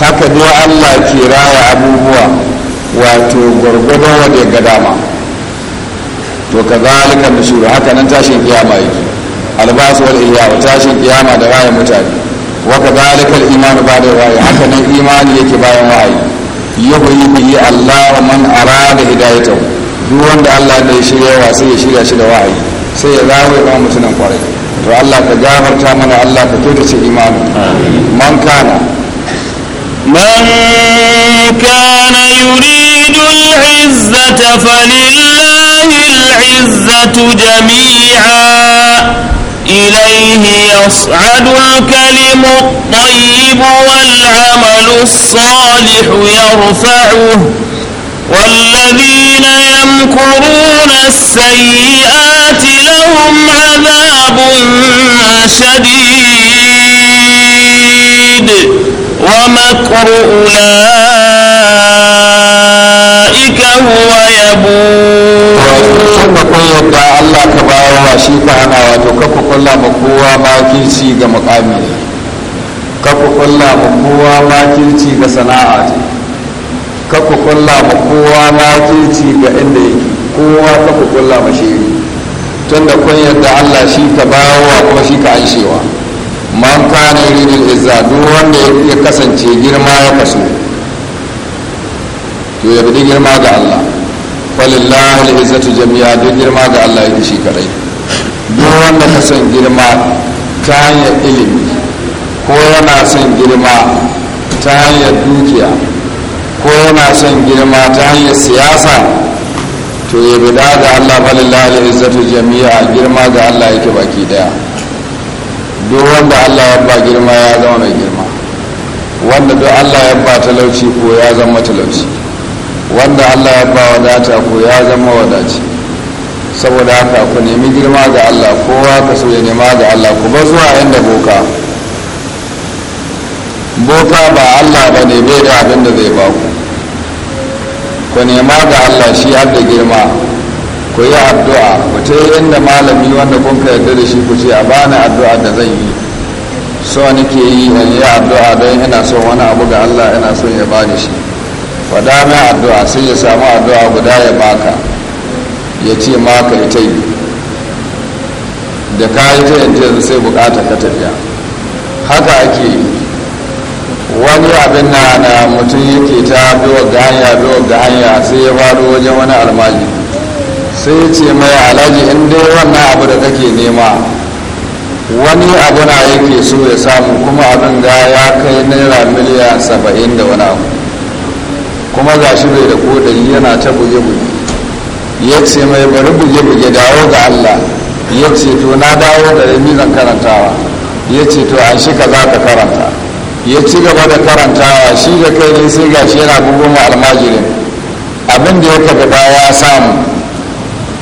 haka dai allah ke raya abubuwa wato gwargwadon wadda ya ga dama to ka zalika da shuru haka nan tashin kiyama yake albasu wal ihya wa tashin kiyama da wayan mutane wa kadhalika al iman ba'da wa'i haka nan imani yake bayan wa'i yuhyi bihi Allah man arada hidayatahu duk wanda Allah ya shirya wa sai ya shirya shi da wa'i sai ya zawo ya mutunan kwarai to Allah ka gafarta mana Allah ka kyautace imani man kana من كان يريد العزة فلله العزة جميعا إليه يصعد الكلم الطيب والعمل الصالح يرفعه والذين يمكرون السيئات لهم عذاب شديد ومكر أولئك ربك هو يبور kuma kun yadda Allah ka bayar wa shi ka hana kulla ma kowa makirci ga mukami kowa ga sana'a ce ka kulla ma kowa makirci ga inda yake kowa ka kulla ma shiri tunda kun yadda Allah shi ka bayar wa kuma shi ka anshewa man kana yuridul izza duk wanda ya kasance girma ya kasu. to ya bi girma ga Allah falillahi al-izzatu jami'a duk girma ga Allah yake shi kadai duk wanda ka san girma ta hanyar ilimi ko yana son girma ta hanyar dukiya ko yana son girma ta hanyar siyasa to ya bi da ga Allah falillahi al-izzatu jami'a girma ga Allah yake baki daya duk wanda Allah ya ba girma ya zama mai girma wanda duk Allah ya ba talauci ko ya zama talauci wanda Allah ya ba wadata ko ya zama wadaci saboda haka ku nemi girma ga Allah kowa ka so ya nema ga Allah ku ba zuwa inda boka boka ba Allah ba ne bai da abin da zai ba ku ku nema ga Allah shi har da girma ku yi addu'a ku ta inda malami wanda kun ka yarda da shi ku ce a bani addu'a da zan yi so nake yi in yi addu'a don ina so wani abu ga Allah ina so ya bani shi faɗa na addu'a sai ya samu addu'a guda ya baka ya ce maka ita yi da ka ta yadda yanzu sai bukata ka tafiya haka ake wani abin na na mutum yake ta biyo ga hanya biyo ga hanya sai ya faru wajen wani almaji sai ya ce mai 'Alaji in dai wannan abu da kake nema wani abu na yake so ya samu kuma abin ga ya kai naira miliyan saba'in da wani abu kuma ga shi bai da kodayi yana ta buge-buge ya ce mai bari buge-buge dawo ga allah ya ce to na dawo da rami zan karantawa ya ce to an shi ka za ka karanta ya ci gaba da karantawa shi da kai ne sai shi yana bugu ma almajirin abin da ya kaga ba samu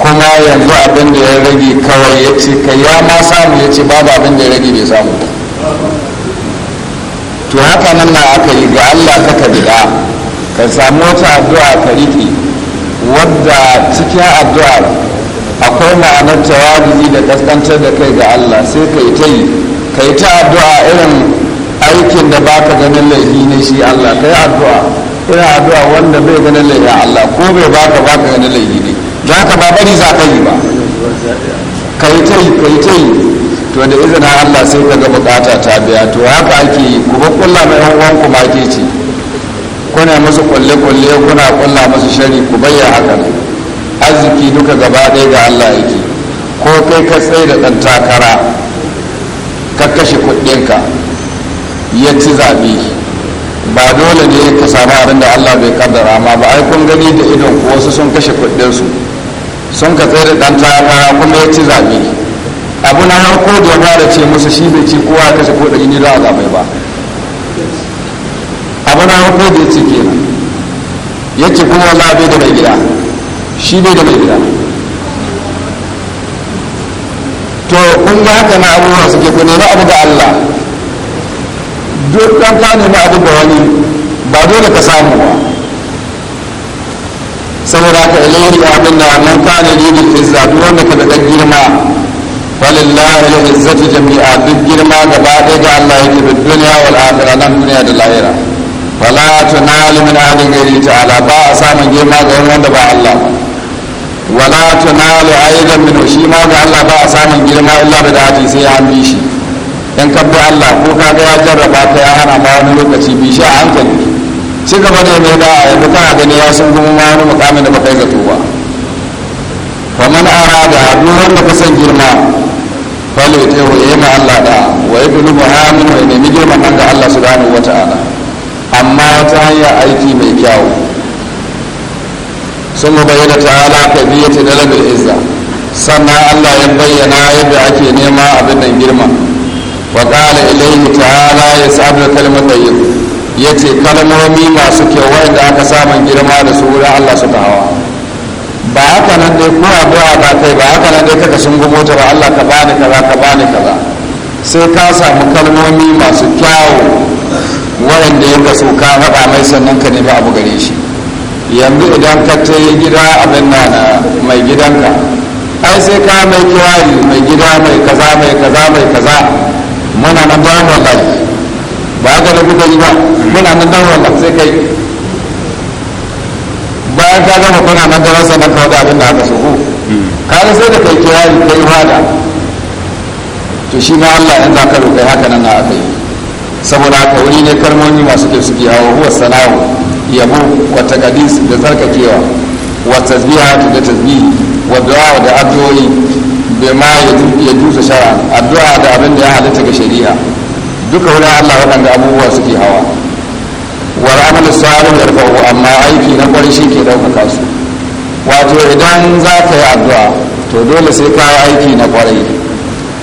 kuma yanzu abin da ya rage kawai ya ce ka ya ma samu ya ce babu abin da ya rage bai samu to haka nan na aka yi ga allah ka bida ka samu wata addu'a ka riƙe wadda cikin addu'ar akwai ma'anar tawadidi da kaskantar da kai ga Allah sai ka yi ta yi ka yi ta addu'a irin aikin da ba ka ganin laifi ne shi Allah ka yi addu'a irin addu'a wanda bai ganin laifi Allah ko bai ba ka ba ka ganin laifi ne za ka ba bari za ka yi ba ka yi ta yi ka yi ta yi to da izinin Allah sai ka ga bukata ta biya to haka ake yi kuma kullum ɗan uwanku ma ke ce kuna musu kwalle-kwalle kuna kulla musu shari ku bayya haka arziki duka gaba ɗaya ga Allah yake ko kai ka tsaye da ɗan takara ka kashe kuɗinka ya ci zaɓe ba dole ne ka samu abin da Allah bai kaddara ma ba ai kun gani da idon ku wasu sun kashe kuɗinsu sun ka tsaye da ɗan takara kuma ya ci zaɓe abu na harko da ya fara ce musu shi bai ci kowa ya kashe kuɗin ni za a zaɓe ba abu na da ya ce nan ya ce kuma wallahi bai da mai gida shi bai da mai gida to kun ga haka na abubuwa suke ku nemi abu ga Allah duk dan ka nemi abu da wani ba dole ka samu ba saboda ka ilayhi abin da man kana da izza duk wanda ka da girma walillahi al-izzatu jami'a duk girma gaba ɗaya ga Allah yake da duniya wal akhirah nan duniya da lahira wala tunalu min ahli ghairi ta'ala ba a samun girma ga wanda ba Allah wala yi aidan min shi ma ga Allah ba a samun girma illa bi da'ati sai an bi shi in ka bi Allah ko ka ga ya jarraba ka ya hana ma wani lokaci bi shi a hankali ci gaba da mai da yanzu kana gani ya sun kuma ma wani mukamin da baka yi zato ba fa man arada duk wanda ka san girma falo ta yi ma Allah da wa ibnu muhammin wa nemi girma an ga Allah su subhanahu wata ala. amma ta hanyar aiki mai kyawu sun mu bayyana ala ka biya ta dalabar izza sannan allah ya bayyana yadda ake nema abin nan girma wa ƙala ilaihi ta'ala ya sabu da kalmar ɗayyar ya ce kalmomi masu kyau wanda aka samun girma da su wurin allah suka hawa ba haka nan dai ko addu'a ba kai ba haka nan dai kaka sun gumo ta ba allah ka bani kaza ka bani kaza sai ka samu kalmomi masu kyawu waɗanda ya kaso ka haɗa mai sannan ka nemi abu gare shi yanzu idan ka ta yi gida abin na ah, mai gidanka ai sai ka mai kiwari mai gida mai kaza mai kaza mai kaza muna nan don wallahi ba ga da kuka yi ba muna nan don wallahi sai kai bayan ka gama kuna nan don wasu nan kawai abin da aka so ko hmm. kada sai da kai kiwari kai hada to shi ma Allah in za ka roƙai haka nan na aka yi saboda haka wuri ne kalmomi masu da suke hawa huwa sana'u yabo wa takadis da tsarkakewa wa tasbihat da tasbihi wa du'a da addu'o'i ma ya dusa shara addu'a da abin da ya halitta ga shari'a duka wurin Allah waɗanda abubuwa suke hawa wa amal salih yarfa'u amma aiki na kwarai shi ke ɗaukaka su wato idan za ka yi addu'a to dole sai ka yi aiki na kwarai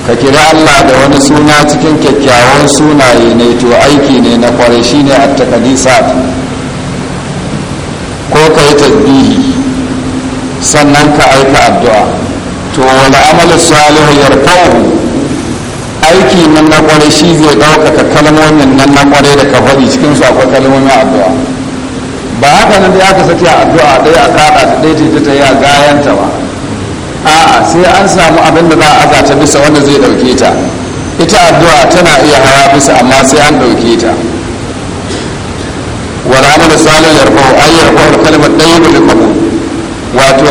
ka kira Allah da wani suna cikin kyakkyawan sunaye ne to aiki ne na kwarai ne a takadisa ko ka yi tabbihi sannan ka aika addu'a to wani amalin salihu yarfa'u aiki nan na kwarai shi zai ɗaukaka kalmomin nan na kwarai da ka faɗi cikin su akwai kalmomin addu'a ba haka nan da ya kasance sake addu'a ɗaya a kaɗa ta ɗaya ta ta yi a gayanta ba a'a sai an samu abin da za a azata bisa wanda zai dauke ta ita addu'a tana iya hawa bisa amma sai an dauke ta wal amal wa an ay yarfa'u kalmar tayyibun da qabul wato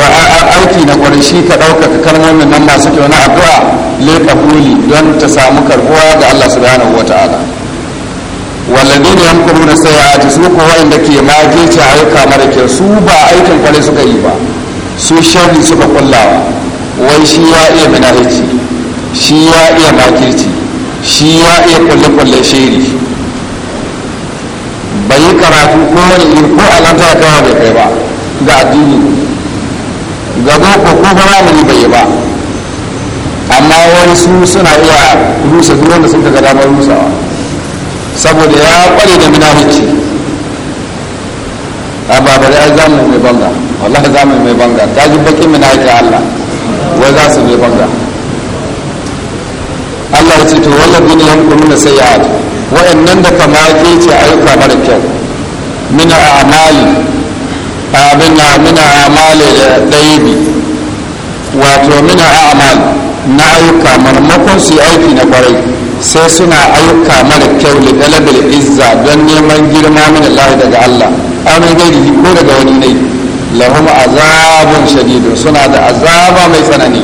aiki na kwarin shi ka ɗaukaka kalmomin nan masu kyau na addu'a le kabuli don ta samu karbuwa ga Allah subhanahu wata'ala wallabi da yan kuru na sai a su ko wanda ke magece ayyuka mara kyau su ba aikin kwarai suka yi ba su shari suka kullawa wai shi ya iya minahici shi ya iya makirci shi ya iya kulle-kulle shiri bai yi karatu ko wani iri ko alanta ya kawo bai kai ba ga addini ga boko ko firamare bai yi ba amma wani su suna iya rusa duk wanda suka ga damar rusawa saboda ya kware da minahici a babar ya zamu mai banga wallaka zamu mai banga ta ji bakin minahici Allah wa za su ne banga Allah ya ce to wallabi ne yankumin da sai ya annan da kama ke ce ayyuka mara kyau min amali abin na mina amali da ɗayibi wato min a'mal na ayyuka marmakon su aiki na kwarai sai suna ayyuka mara kyau da dalabil izza don neman girma min Allah daga Allah amin gairi ko daga wani ne lahum azabun shadid suna da azaba mai tsanani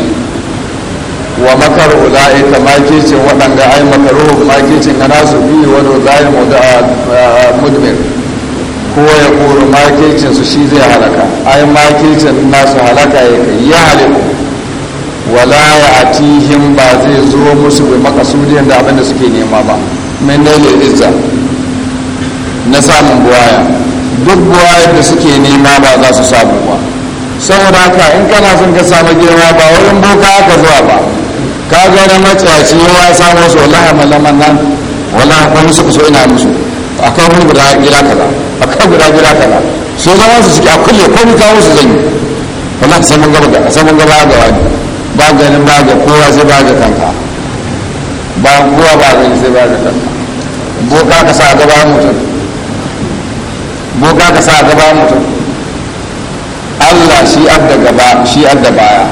wa makar ula'ika makicin waɗanda ai makaruhu makicin na nasu bi wani zalimu da ah, mudmir ko ya kuru makicin su shi zai halaka ai makicin nasu halaka ya ya haliku wala ya atihim ba zai zo musu bai makasudiyar da abinda suke nema ba min dailin izza na samun buwaya duk buwayar da suke nema ba za su samu ba saboda ka in kana son ka samu girma ba wurin boka aka zuwa ba ka ga na maciyaci yawa ya samu su a malaman nan wala akwai musu so ina musu a wani guda gida kaza akwai guda gida kaza so zama su ciki a kulle ko mu kawo su zanyi wala sai mun gaba ga sai mun gaba ga wani ba ganin ba ga kowa sai ba ga kanka ba kowa ba zai sai ba ga kanka boka ka sa gaba mutum boka ka sa gaba mutum allah shi adda gaba shi adda baya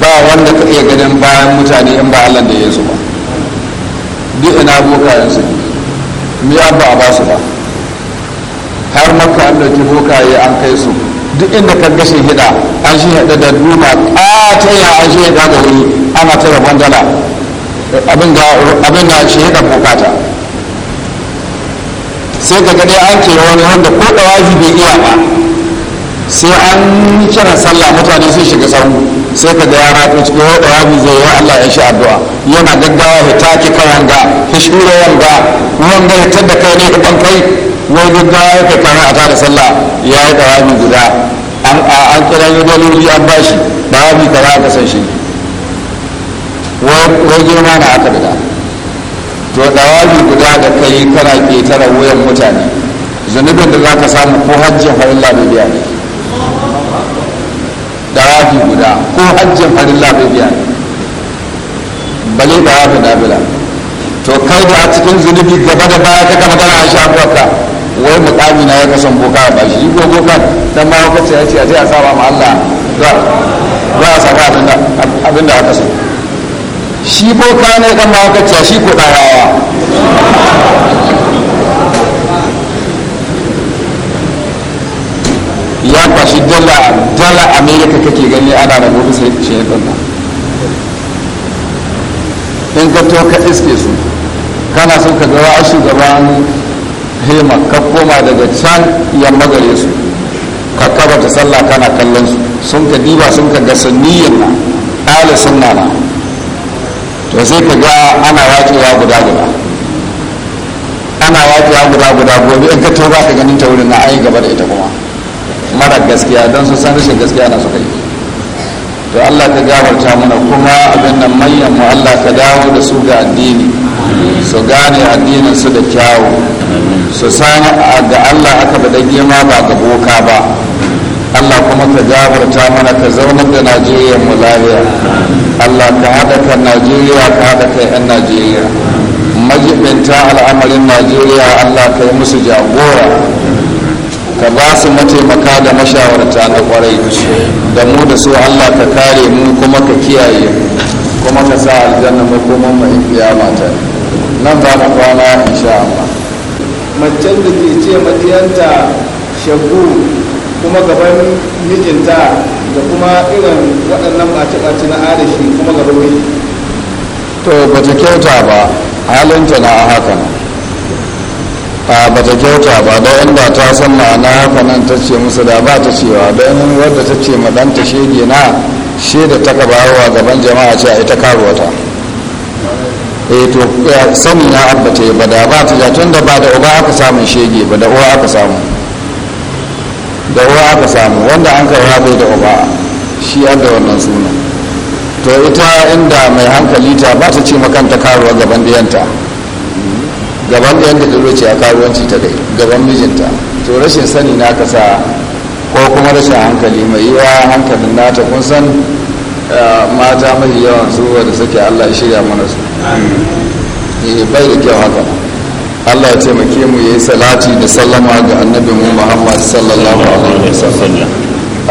ba wanda ka iya ganin bayan mutane in ba allah da ya ba duk ina boka mu mi abu a ba su ba har maka an ɗauki bokaye an kai su duk inda ka gashin hida an shi hada da ta yi an shi hada da wuri ana ta rabon dala abin da shi hida bukata sai ka gade an ke wani wanda ko da wafi bai iya ba sai an kira sallah mutane sun shiga sahu sai ka ga yara ko cikin wanda wafi zai yi Allah ya shi addu'a yana gaggawa ya take kawan ga ya shura wanga wanda ya tadda kai ne da kai wani gaggawa ya kai kana a da sallah ya yi da wafi guda an an kira yi daloli an bashi ba wani kawai ka san shi wai girma na aka da to dawabi guda da kai kana tara wuyan mutane zunubin da za ka samu ko hajjin harin labibiya biya ne dawabi guda ko hajjin farilla labibiya ne bale dawabi nabila to kai da a cikin zunubi gaba da baya kama magana a shafuwarka wai mukami na ya kasan boka ba shi ko boka dan ma ya ce a ce a saba ma Allah za a saka abinda aka so shi boka ne dan mahaukaciya shi ko ɗarawa ya kwashi dala amerika kake gani ana da da sai shaidan nan in ka to ka iske su kana son ka a shugaban hema ka koma daga can yamma gare su ka kaba ta sallah kana kallon su sun ka diba sun ka gasa niyyar na ɗalin na na to sai ka ga ana watsewa guda guda ana watsewa guda guda gobe in ka to ka ganin ta wurin na ayi gaba da ita kuma mara gaskiya don sun san rashin gaskiya na suka yi to Allah ka gafarta mana kuma abin nan manyan mu Allah ka dawo da su ga addini su gane addinin su da kyawu su san ga Allah aka bada girma ba ga boka ba Allah kuma ka gafarta mana ka zaunar da Najeriya mu lafiya Allah ka haɗa kan Najeriya ka haɗa kan 'yan Najeriya majibinta al'amarin Najeriya Allah ka yi musu jagora ka ba su mataimaka da mashawarta da kwarai da mu da su Allah ka kare mu kuma ka kiyaye kuma ka sa aljanna mu kuma mu kiyama ta nan ba na kwana insha Allah macen da ke ce matiyanta shagu kuma gaban mijinta da kuma irin waɗannan ɓace-ɓace na adashi kuma gaban miji to ba ta kyauta ba halinta na haka nan a ba ta kyauta ba don ba ta san ma'ana haka nan ta ce musu da ba ta cewa don wadda ta ce ma ɗanta shege na shaida ta gabawa gaban jama'a ce a ita karuwata e eh, to sani na abba ta yi ba da ba ta ja da ba da uba aka samun shege ba da uwa aka samu da ruwa aka samu wanda an karya bai da uba shi an da wannan suna to ita inda mai hankali ta ba ta ce makanta karuwa gaban ɗiyanta gaban ɗiyanta da ce a karuwanci ta dai gaban mijinta to rashin sani na sa ko kuma rashin hankali mai yi wa hankalin nata kun san eh, mata mai yawan su da suke allah shirya mana su eh, bai da kyau haka Allah ya taimake mu yayi salati da sallama ga annabi mu Muhammad sallallahu alaihi wasallam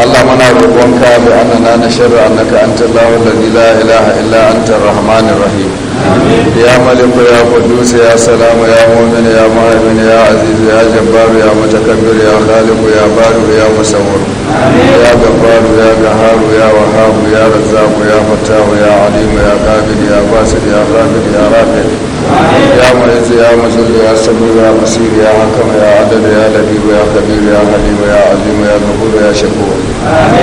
Allah muna roƙonka bi annana na sharri annaka antal lahu la ilaha illa anta arrahmanir rahim ya maliku ya kudus ya salamu ya mu'min ya mu'min ya aziz ya jabbaru ya mutakabbir ya khaliq ya baru ya musawwir ya gafar ya gaharu, ya wahabu, ya razzaq ya fatahu, ya alim ya qadir ya basir ya qadir ya rafi ya mu'izz ya muzil ya sabir ya basir ya hakam ya adad ya latif ya khabir ya halim ya azim ya ghafur ya shakur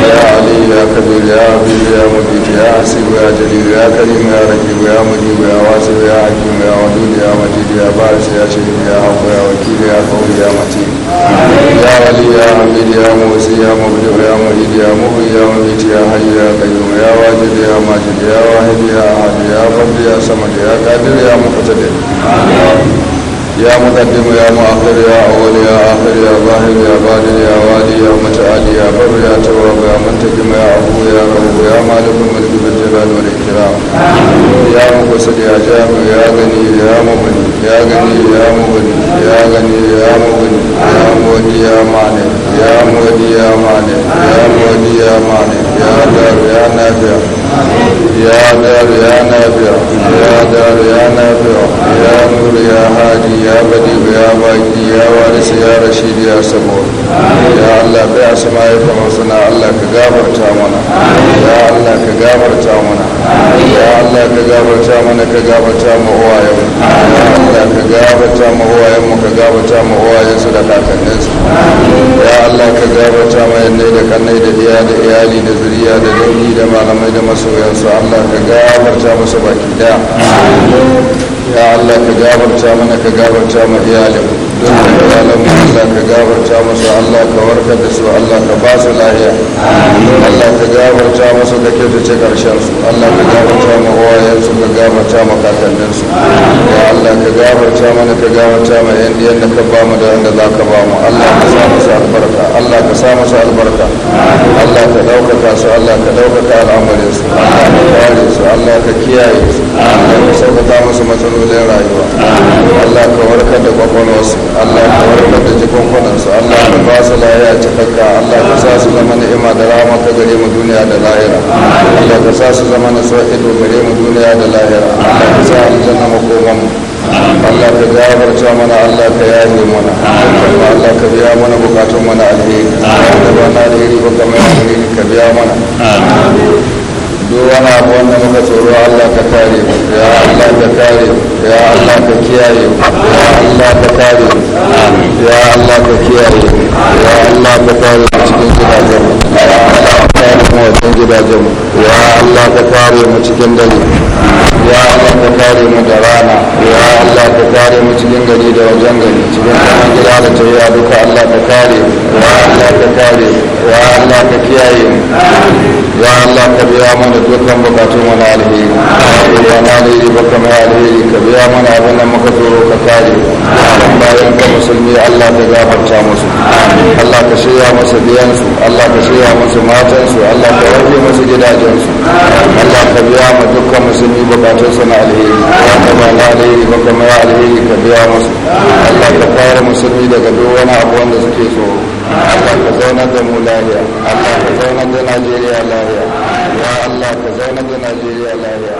ya ali ya kabir ya aziz ya mujid ya hasib ya jalil ya karim ya rakib ya mujib ya wasu ya hajji mai yawa duniya mace ba shi ya shirin ya hako ya wake da ya ya mace ya wali ya hamdi da ya motsi ya mabdi ya mahi ya mahu ya mamici ya hajji ya kayu ya waje da ya mace ya wahidi ya hajji ya fadi ya sama da ya kadir ya da يا مقدم يا مؤخر يا أول يا آخر يا ظاهر يا باطن يا والي يا متعالي يا بر يا تواب يا منتجم يا عفو يا رب يا مالك الملك بالجلال والإكرام يا مقصد يا جامع يا غني يا مغني يا غني يا مغني يا غني يا مغني يا مودي يا مانع يا مودي يا مانع يا مودي يا مانع يا دار يا نافع يا دار يا نافع يا دار يا نافع يا نور يا هادي يا بديع يا باقي يا وارث يا رشيد يا سمور يا الله بيع سمايك وصنع الله كغابر تامنا يا الله كغابر تامنا يا الله كغابر تامنا كغابر تامنا هو يوم Allah ka gabata ma mu ka gabata ma su da kakannin su ya Allah ka gabata ma da kannai da diya da iyali da zuriya da dangi da malamai da masoyan su Allah ka gabata musu baki da ya Allah ka gabata mana ka gabata ma iyalin dukkan iyalan mu Allah ka gabata musu Allah ka warkar da su Allah ka ba su lahiya Allah gafarta da ka kyautace karshen su Allah ka gafarta ma wayansu. ka gafarta ma kakannin su ya Allah ka gafarta mana ka gafarta ma yan diyan da ka ba mu da wanda za ka ba mu Allah ka sa musu albarka Allah ka sa musu albarka Allah ka daukaka su Allah ka daukaka al'amarin su Allah ka kare su Allah ka kiyaye su Allah ka sauƙaƙa musu matsalolin rayuwa Allah ka warkar da kwakwalwarsu Allah ka warkar da jikunkunansu Allah ka ba su lafiya cikakka Allah ka sa su zama ni'ima da rama ta gare mu duniya duniya da lahira Allah ka sa su zama na ido gare mu duniya da lahira Allah ka sa aljanna makoman mu Allah ka gafarta mana Allah ka yaye mana Allah ka biya mana bukatun mana alheri da ba na alheri ba kamar alheri ka biya mana duk abu wanda muka tsoro Allah ka kare mu ya Allah ka kare ya Allah ka kiyaye ya Allah ka kare ya Allah ka kiyaye ya Allah ka kare mu cikin ya Allah ka kare mu wajen ya Allah ka kare mu cikin dare ya Allah ka kare mu da rana ya Allah ka kare mu cikin gari da wajen gari cikin kuma gida da tafiya duka Allah ka kare mu ya Allah ka kare ya Allah ka kiyaye ya Allah ka biya mana dukkan bukatu wani alheri ya na alheri baka mai alheri ka biya mana abin da muka tsoro ka kare kan bayan ka musulmi Allah ka gafarta musu Allah ka shirya musu biyansu Allah ka shirya musu matansu Allah ka warke musu gidajensu Allah ka biya ma dukkan musulmi bukatunsu na alheri ya ka ba na alheri baka mai alheri ka biya musu Allah ka kare musulmi daga duk wani abu wanda suke tsoro Allah ka zaunar da mu lahiya Allah ka zaunar da Najeriya lahiya Allah ka zaunar da Najeriya lafiya